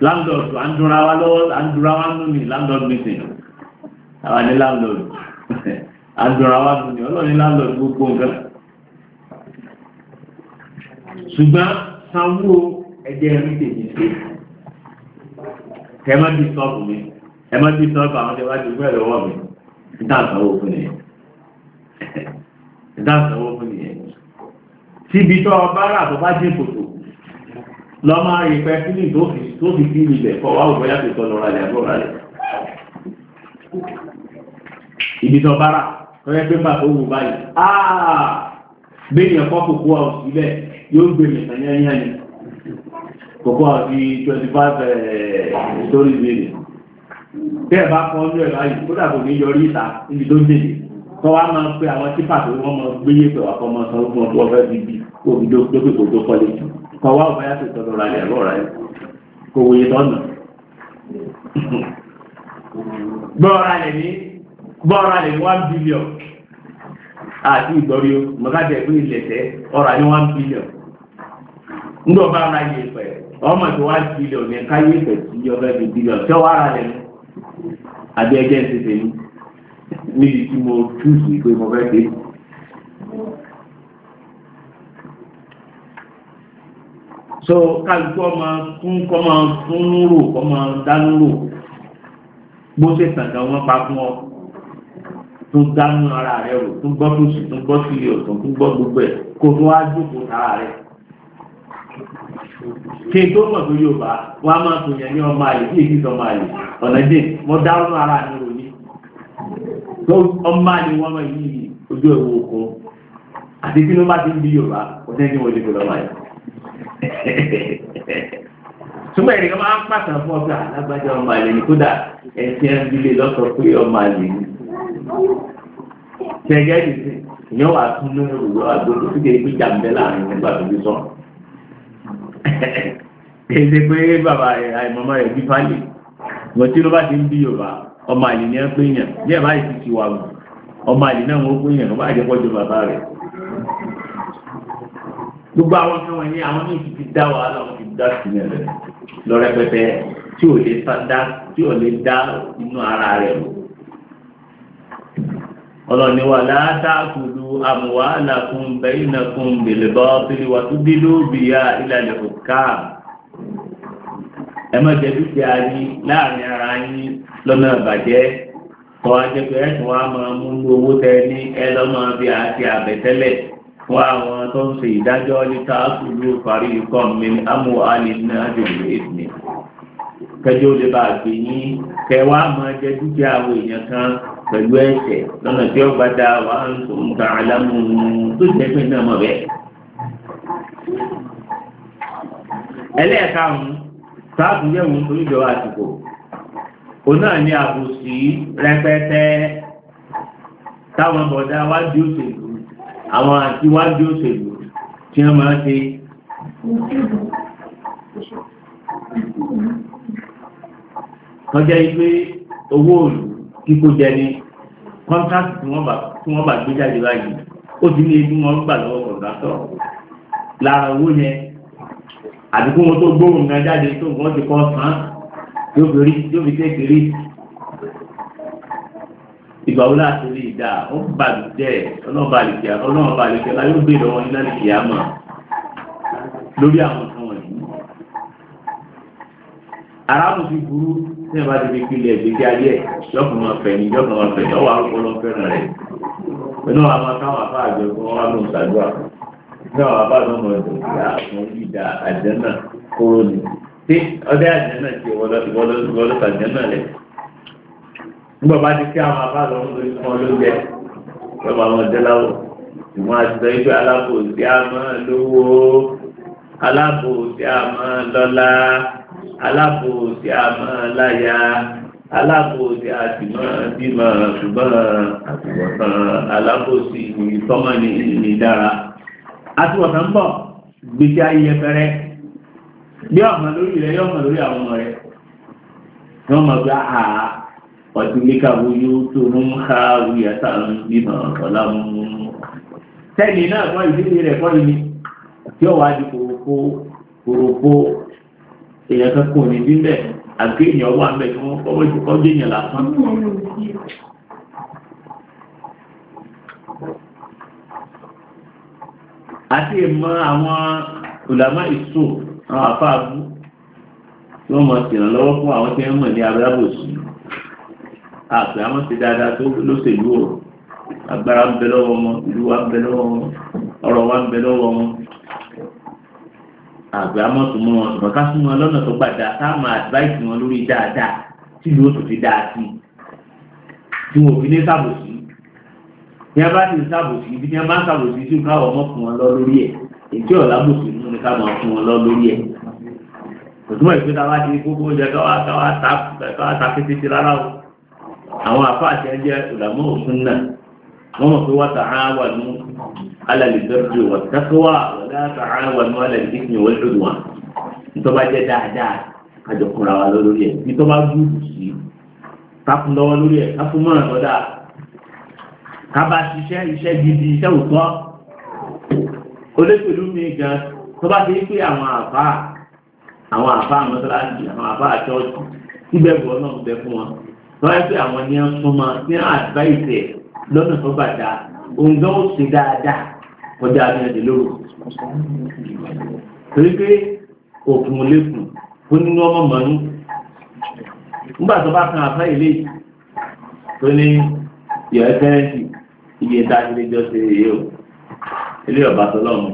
landlord à ń dúnra wa lọ́wọ́ à ń dúnra wa nù ní landlord meeting àwọn ní landlord à ń dúnra wa nù ní ọlọ́ọ̀ni landlord gbogbo nǹkan ṣùgbọ́n sanwó ẹgbẹ́ rí tèmi ṣe kẹ́ má bí sọ́ọ̀bù mi ẹ má bí sọ́ọ̀bù àwọn ọjọ́ wájú bẹ́ẹ̀ lọ́wọ́ mi níta sanwó fún nìyẹn níta sanwó fún nìyẹn síbi tó ọba rà tó bá dín kòtò lọ́mọ ìpẹ́ kí ní tó fi kí níbẹ̀ kọ́ wá òbọ̀yá tó tọ́ lọ́ra rẹ̀ rẹ̀ ibi bára ọ̀rẹ́ pé bàbá òwò báyìí áà bẹ́ẹ̀ yẹn kọ́ kókó àwọn síbẹ̀ yóò gbé mẹ́ta yányá ni kókó àwọn sí twenty five stories bèrè tẹ́ ẹ̀ bá kọ́ báyìí ní yọrí ìta níbi tó ń kọ́ máa ń pe àwọn kọ̀wá ọ̀bá yàtọ̀ ìtọ́jú ra ilẹ̀ ẹ̀rọ rẹ̀ kò wòye tọ́nà gbọ́ra lè ní gbọ́ra ní one billion àti ìgbọ́rí o mọ̀gájẹ̀ ìlú ìlẹ̀tẹ̀ ọ̀rà ní one billion ńgbọ́ bá ra ọmọ one billion ní ẹ̀ka sí bí billion tí wá ra ní àbí ẹgbẹ́ ń tètè ní níbi tí mo so kálukú ọmọ fún kọ́mọ fún rò kọ́mọ dánú rò bó ṣe tàǹkà wọn pa fún ọ tún dánú ara rẹ rò tún gbọ́ tó sì tún gbọ́ sí ilé ọ̀tún tún gbọ́ gbogbo ẹ̀ kó tún wá jókòó tara rẹ kí n tó mọ̀ tó yóò bá wọn a máa tún yẹn ní ọmọ àlè kí èyí sọmọ àlè ọ̀nà dín mo dánú ara mi rò ní ọmọ àlè wọn máa yí ojú ẹ̀wọ̀ oko àti kí ló bá ti ń bí Yorùbá ọ̀sẹ̀ ní wọlé kó lọ́wọ́ yẹn. túmọ̀ ẹ̀rí máa ń pàtàkì fún ọgbà ọmọ àlè ní kódà ẹ̀sìn ẹ̀ńdílé lọ́sọ̀ pé ọmọ àlè ní. tẹ̀gẹ́ ìdìsí ìyẹn wà tún lórí òwúrọ̀ àgbòdo tó kéde pé jàǹdẹ́ láàrin nígbà tó fi sọ. kéde pé bàbá rẹ̀ àìmọ́mọ́ rẹ̀ bí fáyé mo tí ló bá ti ń bí yorùbá ọmọ àlè ní ẹ pé yàn bí ẹ bá yìí ti ti wà ọmọ àlè náà pé yàn ló bá jẹ́ pọ́jọ bàbá rẹ̀ gbogbo àwọn ọmọ wọn ní àwọn ní ti dá wàhálà wọn ti dá sílẹ̀ rẹ̀ lọ́rẹ́pẹtẹ tí ò lè sádá tí ò lè dá inú ara rẹ̀ lọ. ọlọ́ni wà látàkùlù àmùwá làkùn bẹ́yìnàkùn bèlèbọ́ sílẹ̀ wà tó dé lóbìyà ìlànà òkà. ẹ má jẹ dúkìá yín láàrin ara yín lọ́nà ìbàjẹ́ kọ́ ajẹ́pẹ́ ẹ̀sùn wa máa mú owó tẹ ní ẹ lọ́nà bí àti àbẹ̀tẹ́lẹ̀ fún àwọn tó ń ṣe ìdájọ́ níta kúlú parí ikọ̀ mi amú alẹ́ náà dèrò èdè kẹjọ lè bá a gbé yín kẹwa máa jẹ dúkìá àwọn èèyàn kan pẹ̀lú ẹ̀ṣẹ̀ lọ́nà tí ọgbà dá wa ń tó ń ta alámú tó jẹ́ pé náà mọ̀ bẹ́ẹ̀. ẹlẹ́ẹ̀karùn-ún sáàtù yẹ̀wò nítorí ìjọba àsìkò òun náà ní àbòsí rẹpẹtẹ táwọn bọ̀dá wá di òṣèlú àwọn àtiwájú òṣèlú tí wọ́n máa ṣe tọ́jẹ́ pé owó òòlù kíkó jẹ ní kọ́ńtàkì tí wọ́n bá gbé jáde báyìí ó ti ní ebi wọn gbà lọ́wọ́ kọ̀ǹtàtọ̀ lára owó yẹn àdúgbò wọn tó gbóhùn náà jáde tó wọ́n ti kọ́ sàn yóò fi rí yóò fi tẹ́ kiri ìgbà wo láti rí ìdá ó ń balù jẹ́ ọlọ́ọ̀bà àlìkíá ọlọ́ọ̀bà àlìkíá láyé ó bèèrè ọwọ́ nílá àlìkíá mọ̀ lórí àwọn nǹkan wọ̀nyí. aráàlú ti burú tí ẹ bá ti fi pilẹ̀ ìgbésí ayé ẹ̀ yọkùn máa fẹ̀ ní yọkùn máa fẹ̀ ọwọ́ arúgbó lọ fẹ́ràn rẹ̀ pẹ̀lú àwọn akáwọn afá àjọ fún wọn ló ń ṣàdúrà ní àwọn abá lọ́mọ ẹ̀dùn ìyá àwọn ìdá àjẹ́ náà kóró ni tí ọdẹ àjẹ́ náà ti wọlé ìwọlé ìwọlé àjẹ́ náà lẹ̀ nígbà bá ti kí àwọn afáàlọ́ ń lórí fún ọlọ́jẹ́ lọ́ba àwọn ọ̀dẹ́láwọ̀ ìwọ̀n àtìsọ ìgbé alábòsí àmọ́ lówó alábòsí àmọ́ lọ́lá alábòsí àmọ́ láyà alábòsí àtìmọ́ bímọ ṣùgbọ́n àtìwọ̀tán alábòsí ìtọ́mọ ní ìlú dára àtìwọ̀tán bọ̀ gbèsè ayẹyẹ fẹrẹ bí ọmọ lórí rẹ yọmọ lórí àwọn ọmọ rẹ yọmọ gbé àhà ọ̀tílíkà wúyú tó ń ká wúyà sáàrùn bímọ ọ̀la mú. sẹ́ni náà kọ́ ìdílé rẹ̀ kọ́ ni tí ó wá di kòròkó kòròkó èèyàn kan kò ní bí bẹ́ẹ̀ àti èèyàn wà ń bẹ̀ tí wọ́n kọ́wé ti kọ́jú èèyàn lásán. àti ìmọ̀ àwọn olàmọ́ ìṣó àwọn àfáàbù tí wọ́n mọ̀ sí ìrànlọ́wọ́ fún àwọn tí wọ́n mọ̀ ní abẹ́rẹ́ bòsùn àpè àwọn ti dáadáa tó lóṣèlú o agbára ń bẹ lọ́wọ́ wọn ìlú wa ń bẹ lọ́wọ́ wọn ọ̀rọ̀ wa ń bẹ lọ́wọ́ wọn àpè àwọn tó mọ wọn ṣùgbọ́n ká fún wọn lọ́nà tó gbàdá táwọn advice wọn lórí dáadáa tí ìlú òtún fi dáa sí tí wọn ò fi ní sábòsí tí wọn bá ti sábòsí ibi tí wọn bá ń sábòsí tí káwọn ọmọ fún wọn lọ lórí ẹ ètí ọ̀la bòsí mú ni káwọn fún wọn lọ lórí ẹ òtún wọn ìpínlẹ̀ wa ti kókó oúnjẹ káwa ta kété rárá o àwọn àfáàṣẹ ẹjẹ́ ìlàmọ́ òsùn náà wọ́n mọ̀ pé wọ́n ta'awanu ala al-birri wat-taqwa wa la ta'awanu ala al-ithmi wal-'udwan nítọ́ba jẹ́ dáadáa kájọ kúnra wa lórí ẹ̀ nítọ́ba gbúdù sí káfún lọ́wọ́ lórí ẹ̀ káfún mọ́ràn lọ́dà kábà ṣiṣẹ́ iṣẹ́ gidi iṣẹ́ òtọ́ olóṣèlú mi gan tọ́ba ti rí pé àwọn àfáà àwọn àfáà mọ́tàlá wọ́n yẹ pé àwọn ní súnmọ́ ní àdváìsì ẹ̀ lọ́nà tó bàjá oúnjẹ ó ṣe dáadáa kọjá ní ẹ̀dẹ̀ lóru torí pé òkun lékun ó ní ọmọ mọ́nú nígbà tó bá kan àfẹ́ ilé tó ní yọ̀ ẹ́ fẹ́rẹ́ǹtì iye tá a ti lè jọ ṣe èyí o ilé ọ̀bà tó lọ́mù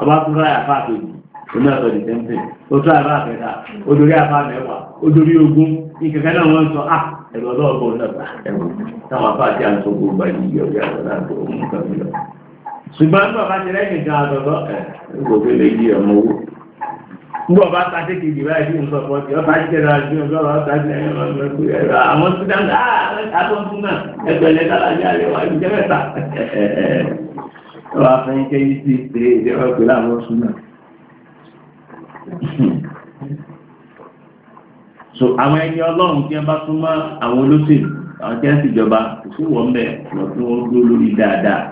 ọba tó ráyà fáàkì òjì onáàtọ̀ di tẹ́ǹpẹ̀ ó tó àbá àfẹ́ta odori àbá mẹ́wàá odori ogun ìkẹ̀kẹ́ náà wọ́n sọ ah ẹ̀rọ ọlọ́ọ̀bọ̀ náà ẹ̀wọ̀n táwọn afá àti àǹtọ̀ gbogbo àyè yíyọ bí àwọn àǹtọ̀ òun kan lọ. ṣùgbọ́n nígbà bá ti rẹ́yìn gan àtọ̀tọ̀ ẹ̀ nígbà tó lè yí ọmọ owó. nígbà bá ta tètè dì báyìí bí nǹkan kan ti ọba jẹ́ ra bí ọba bá ta jẹ́ àwọn sítáńdà ah, àtọ̀tún náà ẹgbẹ̀lẹ́ tálàjà rẹ̀ wá ìjẹ́ mẹ́ta. ẹ so àwọn ẹni ọlọ́run tí wọ́n bá tún mọ́ àwọn olóṣèlú àwọn tí wọ́n sì jọba kò sí wọ́n bẹ̀ lọ tí wọ́n dúró lórí dáadáa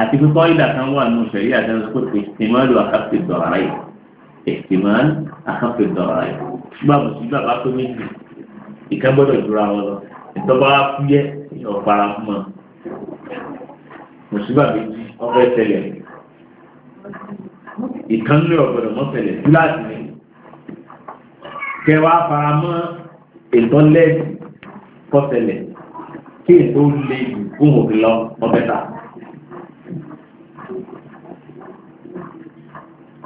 àti pípọ́ ìdá kan wà nù sẹ̀rí àtẹnusọ pé tèmọ́lù àkàfẹ́ dọ̀rọ̀ rẹ̀ tèmọ́lù àkàfẹ́ dọ̀rọ̀ rẹ̀ gbà bù sí bàbá tó méjì ìkan gbọ́dọ̀ dúra wọn lọ ìtọ́ba fúyẹ́ ìyọ̀ fara fún ọ mùsùlùmí ọbẹ̀ tẹ̀lẹ̀ ìkan ní ọ̀gbọ̀dọ̀ mọ́sẹ̀lẹ̀ kíláàsì ni kẹwàá faramọ́ ìtọ́lẹ́sì kọ́sẹ̀lẹ̀ kí ètò lè jù fún òfin lọ ọ̀bẹ̀ta.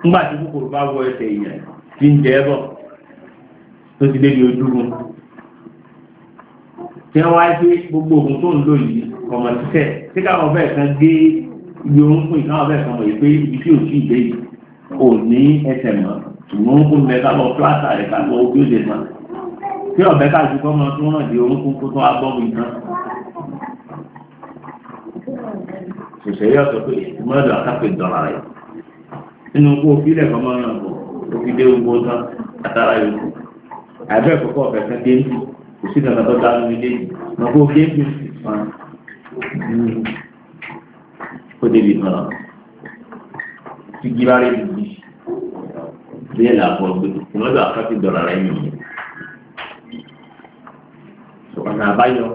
ńgbà tí kòkòrò bá wọ ẹsẹ̀ èèyàn tí ń jẹ́ bọ̀ tó ti débi ojúgun tí wọ́n wáyé pé gbogbo ògùn tó ń lò yìí ọmọ títẹ̀ tí káwọn fẹ́ẹ̀ kan gé ibi orúnkún ìkáwọn bẹ́ẹ̀ kan wọ̀nyí pé ibi tí ò sí ìgbé yìí kò ní ẹsẹ̀ mọ́ ṣùgbọ́n orúnkún bẹ́ẹ̀ ká lọ pláṣà rẹ̀ ká lọ ojú òde mọ́ tí ọ̀bẹ ká ju kọ́mọ tó ràn dé orúnkún kó tó wá gbọ́ mi tán. ṣòṣèré ọ̀sọ̀ pé ìmọ̀lẹ́dọ̀ akápẹ́ ìdọ̀là rẹ̀ nínú kó fílẹ̀ kọ́mọ náà bọ̀ ó fi dé ogbó tán àtàrà yòókù àbẹ́ kọ́kọ́ ọ̀fẹ́ kan dé ń bì kò sí kankan tó kó débi kan tí gíláàrí dìbì bẹ́ẹ̀ làbọ̀ gbé lọ́dọ̀ àkàtì dọ̀rọ̀ rẹ̀ nìyí. ọ̀nà àbáyọ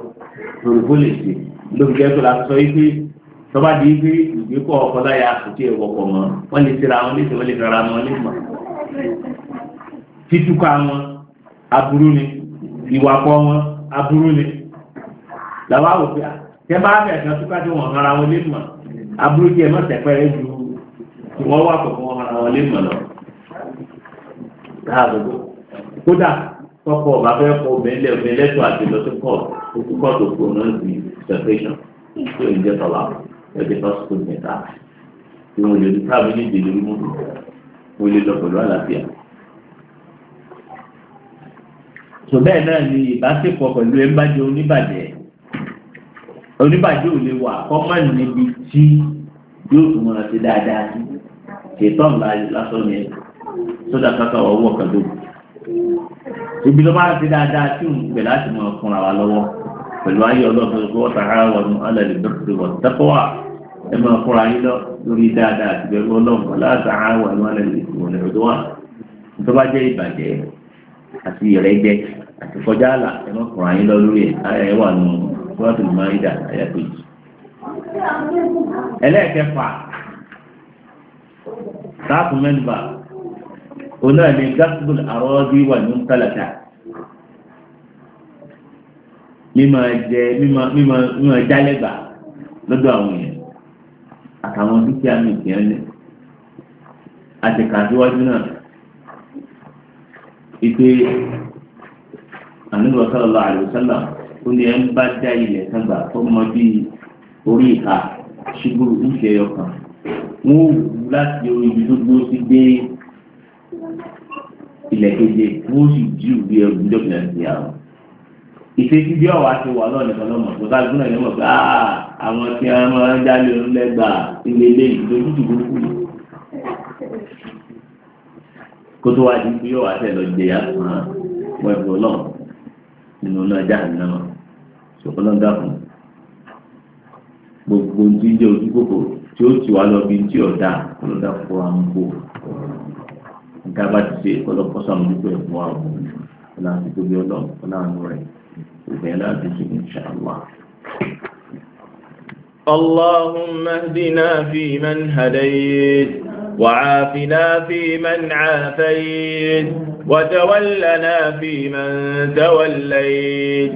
lórí kó lè ṣe lórí gẹ́gẹ́ la sọ yìí pé tọ́ba di pé ìgbékọ̀ ọ̀kọ́láyà kò tí ì wọ̀pọ̀ mọ́ wọ́n lè ṣera wọn léṣe wọ́n lè fẹ́ra wọn lè mọ̀. títúkọ̀ àwọn aburú ni ìwàkọ̀ wọn aburú ni làwọn àwòfẹ́ tẹ́ bá fẹ̀ kan túkàdé wọn ara wọn lè mọ̀ aburú jẹ́ má tẹ̀pẹ́rẹ́ ju tí wọ́n wà pọ̀ fún ara wọn lé mọ̀ lọ. Dáàbòbò kódà kọ́kọ́ ọba fẹ́ kọ́ obìnrin obìnrin lẹ́tọ̀ àti lọ́sọ́kọ̀ òkúkọ́ tó kúrò náà sí separation tí ó ń jẹ́ tọ́lá ẹgbẹ́ first school mẹ́ta tí wọ́n lè dúpọ̀ àbí ní ìdílé mú wọ́n lè lọ pẹ̀lú àlàáfíà. Sọ bẹ́ẹ̀ náà ni ìbáṣepọ̀ pẹ̀lú ẹ̀ ń bá jẹ oníbàjẹ́ oníbàjẹ́ ò lè wà kọ́mọ̀nì níbi tí yóò tún mọ̀ràn sí dáadáa sí ṣètọ́n lásán yẹn sódà kàkà ọwọ́ kàdó ibi ló máa ń ṣe dáadáa tí òun gbẹ láti mọ̀ fúnra wa lọ́wọ́ pẹ̀lú ayé ọlọ́run tó wọ́n tàrà wọnú alẹ́lẹ́ bẹ́ẹ̀ wọ́n tẹ́kọ̀wá ẹ máa fúnra yín lọ lórí dáadáa àti bẹ́ẹ̀ ọlọ́run aláàtàrà wọnú alẹ́lẹ́ ìwọ̀n ẹ̀rọ tó wà tó bá jẹ́ ìbàjẹ́ àti ìrẹ́jẹ àti kọjá àlà ẹ máa fúnra yín lọ lórí ẹ̀ sọ́ọ̀tù máìdà àyàkejì. ẹlẹ́ẹ̀kẹfà sáàpù mẹ́nubà oná ní gáfúl àrọ́ọ́dí wà ní tálàkà mímọ jẹ mímọ mímọ mímọ jálẹ̀gbà lọ́dọ̀ àwọn yẹn àtàwọn dúkìá mi kì í ní àti kàdíwájú náà ìpè ànúbọ̀ sallallahu alaihi wasallam ó ní ẹ ń bá dá ilẹ̀ kan gbà tó mọ bí orí ìka ṣubú ìṣe ọkàn wọn ò wù láti orí ibi tó dúró sí dé ilẹ̀ keje wọn ó sì jí òbí ẹrù níjọ́ ìlànà ìdí àwọn ìfèsì bí ọ̀wá ti wà lọ́ọ̀ nìkan lọ́mọ̀ tó ká gbọ́n ẹ̀lẹ́mọ̀ pé ah, àwọn tí wọ́n máa ń dálé olólẹ́gbà ilé ilé ìdójú tó kú kó tó wá di pé ọ̀wá tẹ̀ lọ jẹ yá fún wọn ẹ̀fọ́ lọ́wọ́ nínú náà jáde náà. ọlọ́run dákun gbogbo tí jẹ́ ojú kòkò tí ó ti wá lọ bí tí ọ̀dà ọlọ́run dákun fún wa ń kó nǹkan bá ti ṣe ọlọ́pọ̀ sàmójútó ẹ̀ fún wa ọ̀hún ọlọ́run ti tóbi ọlọ́run ọlọ́run rẹ̀ òbẹ̀ láti ṣe insha Allah. اللهم اهدنا فيمن هديت وعافنا فيمن عافيت وتولنا فيمن توليت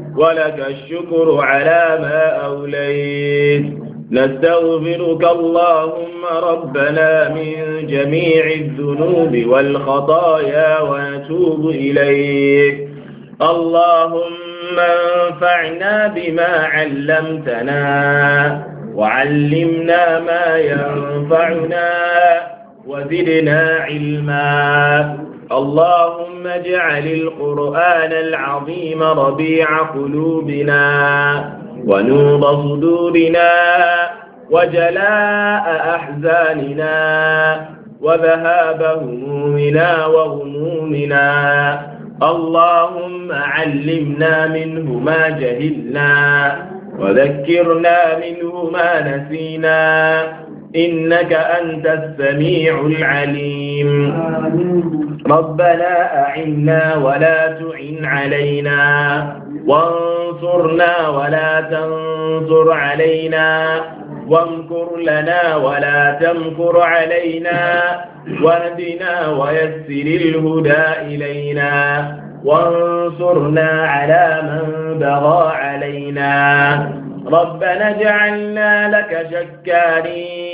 ولك الشكر على ما أوليت نستغفرك اللهم ربنا من جميع الذنوب والخطايا ونتوب إليك اللهم انفعنا بما علمتنا وعلمنا ما ينفعنا وزدنا علما اللهم اجعل القرآن العظيم ربيع قلوبنا ونور صدورنا وجلاء أحزاننا وذهاب همومنا وغمومنا اللهم علمنا منه ما جهلنا وذكرنا منه ما نسينا إنك أنت السميع العليم ربنا أعنا ولا تعن علينا وانصرنا ولا تنصر علينا وامكر لنا ولا تمكر علينا واهدنا ويسر الهدى إلينا وانصرنا على من بغى علينا ربنا اجعلنا لك شكارين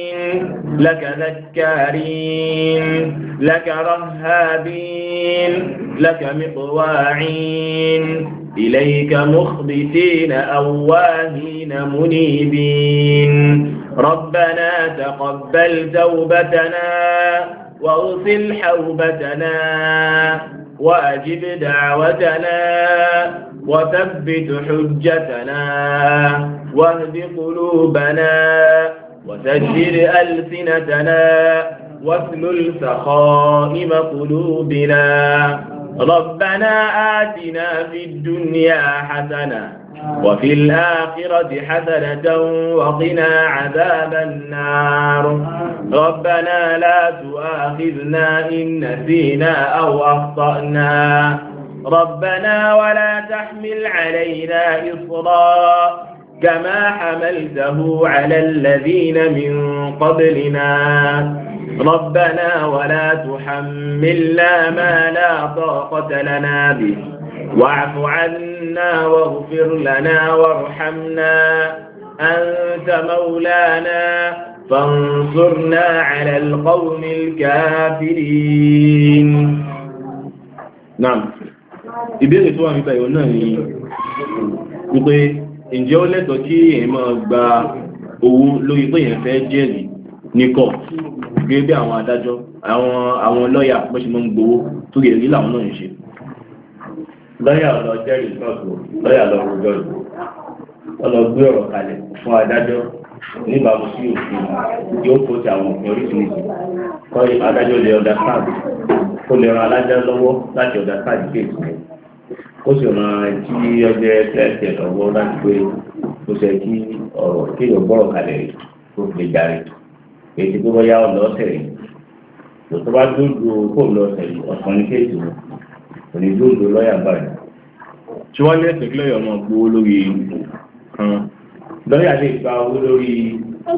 لك ذكارين لك رهابين لك مطواعين إليك مخبتين أواهين منيبين ربنا تقبل توبتنا واغسل حوبتنا وأجب دعوتنا وثبت حجتنا واهد قلوبنا وسجل ألسنتنا واسلل الفخائم قلوبنا ربنا آتنا في الدنيا حسنة وفي الآخرة حسنة وقنا عذاب النار ربنا لا تؤاخذنا إن نسينا أو أخطأنا ربنا ولا تحمل علينا إصرا كما حملته على الذين من قبلنا ربنا ولا تحملنا ما لا طاقة لنا به واعف عنا واغفر لنا وارحمنا أنت مولانا فانصرنا على القوم الكافرين نعم ìbéèrè tó wà nípa ǹjẹ́ ó lẹ́tọ̀ọ́ kí èèyàn máa gba owó lórí pé èèyàn fẹ́ jẹ́rìí ní kọ́ gẹ́gẹ́ bí àwọn adájọ́ àwọn àwọn lọ́ọ̀yà bó ṣe máa ń gbowó tó rí èrí làwọn náà ń ṣe. lọ́ọ̀yà lọ jẹ́rìí sọ́ọ̀tù lọ́ọ̀yà lọ rojọ́ ìlú wọ́n lọ gbé ọ̀rọ̀ kalẹ̀ adájọ́ lè ọ̀dà sáàbì kó lè ran alájọ́ lọ́wọ́ láti ọ̀dà sáàbì kéèkì ó sì máa tí ọjọ́ ẹsẹ̀ ọgbọ́n láti pé ó ṣe kí ọ̀rọ̀ kéèyàn gbọ́rọ̀ kalẹ̀ tó fi darí èyí tó bọ́yá ọ̀lọ́ ọ̀sẹ̀ rẹ̀ kò tó bá dúdú kó lọ ọ̀sẹ̀ rẹ̀ ọ̀sán ní kéèsì wọn kò ní dúdú lọ́ọ̀yà báyìí. ṣíwájú ẹ̀sẹ̀ kílẹ̀ ọmọ gbowó lórí kan lọ́ọ̀yà lè gba owó lórí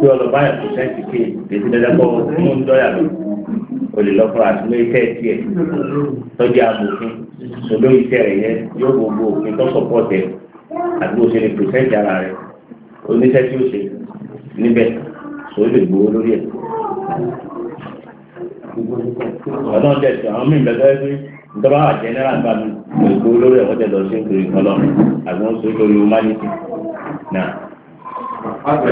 pé ọlọ́bàyà kò sẹ́ǹtì kéèsì olùlọ́kọ̀ àtúnlẹ̀ iṣẹ́ tiẹ̀ tọ́jú amòfin sọdọ iṣẹ́ rẹ̀ yẹn yóò gbogbo òfin tó sọ̀pọ̀ tẹ̀ àti bó ṣe lè pèsèǹtì ara rẹ̀ oníṣẹ́ tí ó ṣe níbẹ̀ sọ lè gbowó lórí ẹ̀. ọ̀nà ọ̀dẹ̀ tí àwọn míì bẹ̀rẹ̀ pé ìjọba wà jẹ́nẹ́rà ń lè gbowó lórí ẹ̀ wọ́n tẹ̀ lọ sí nítorí kan lọ àbí sọ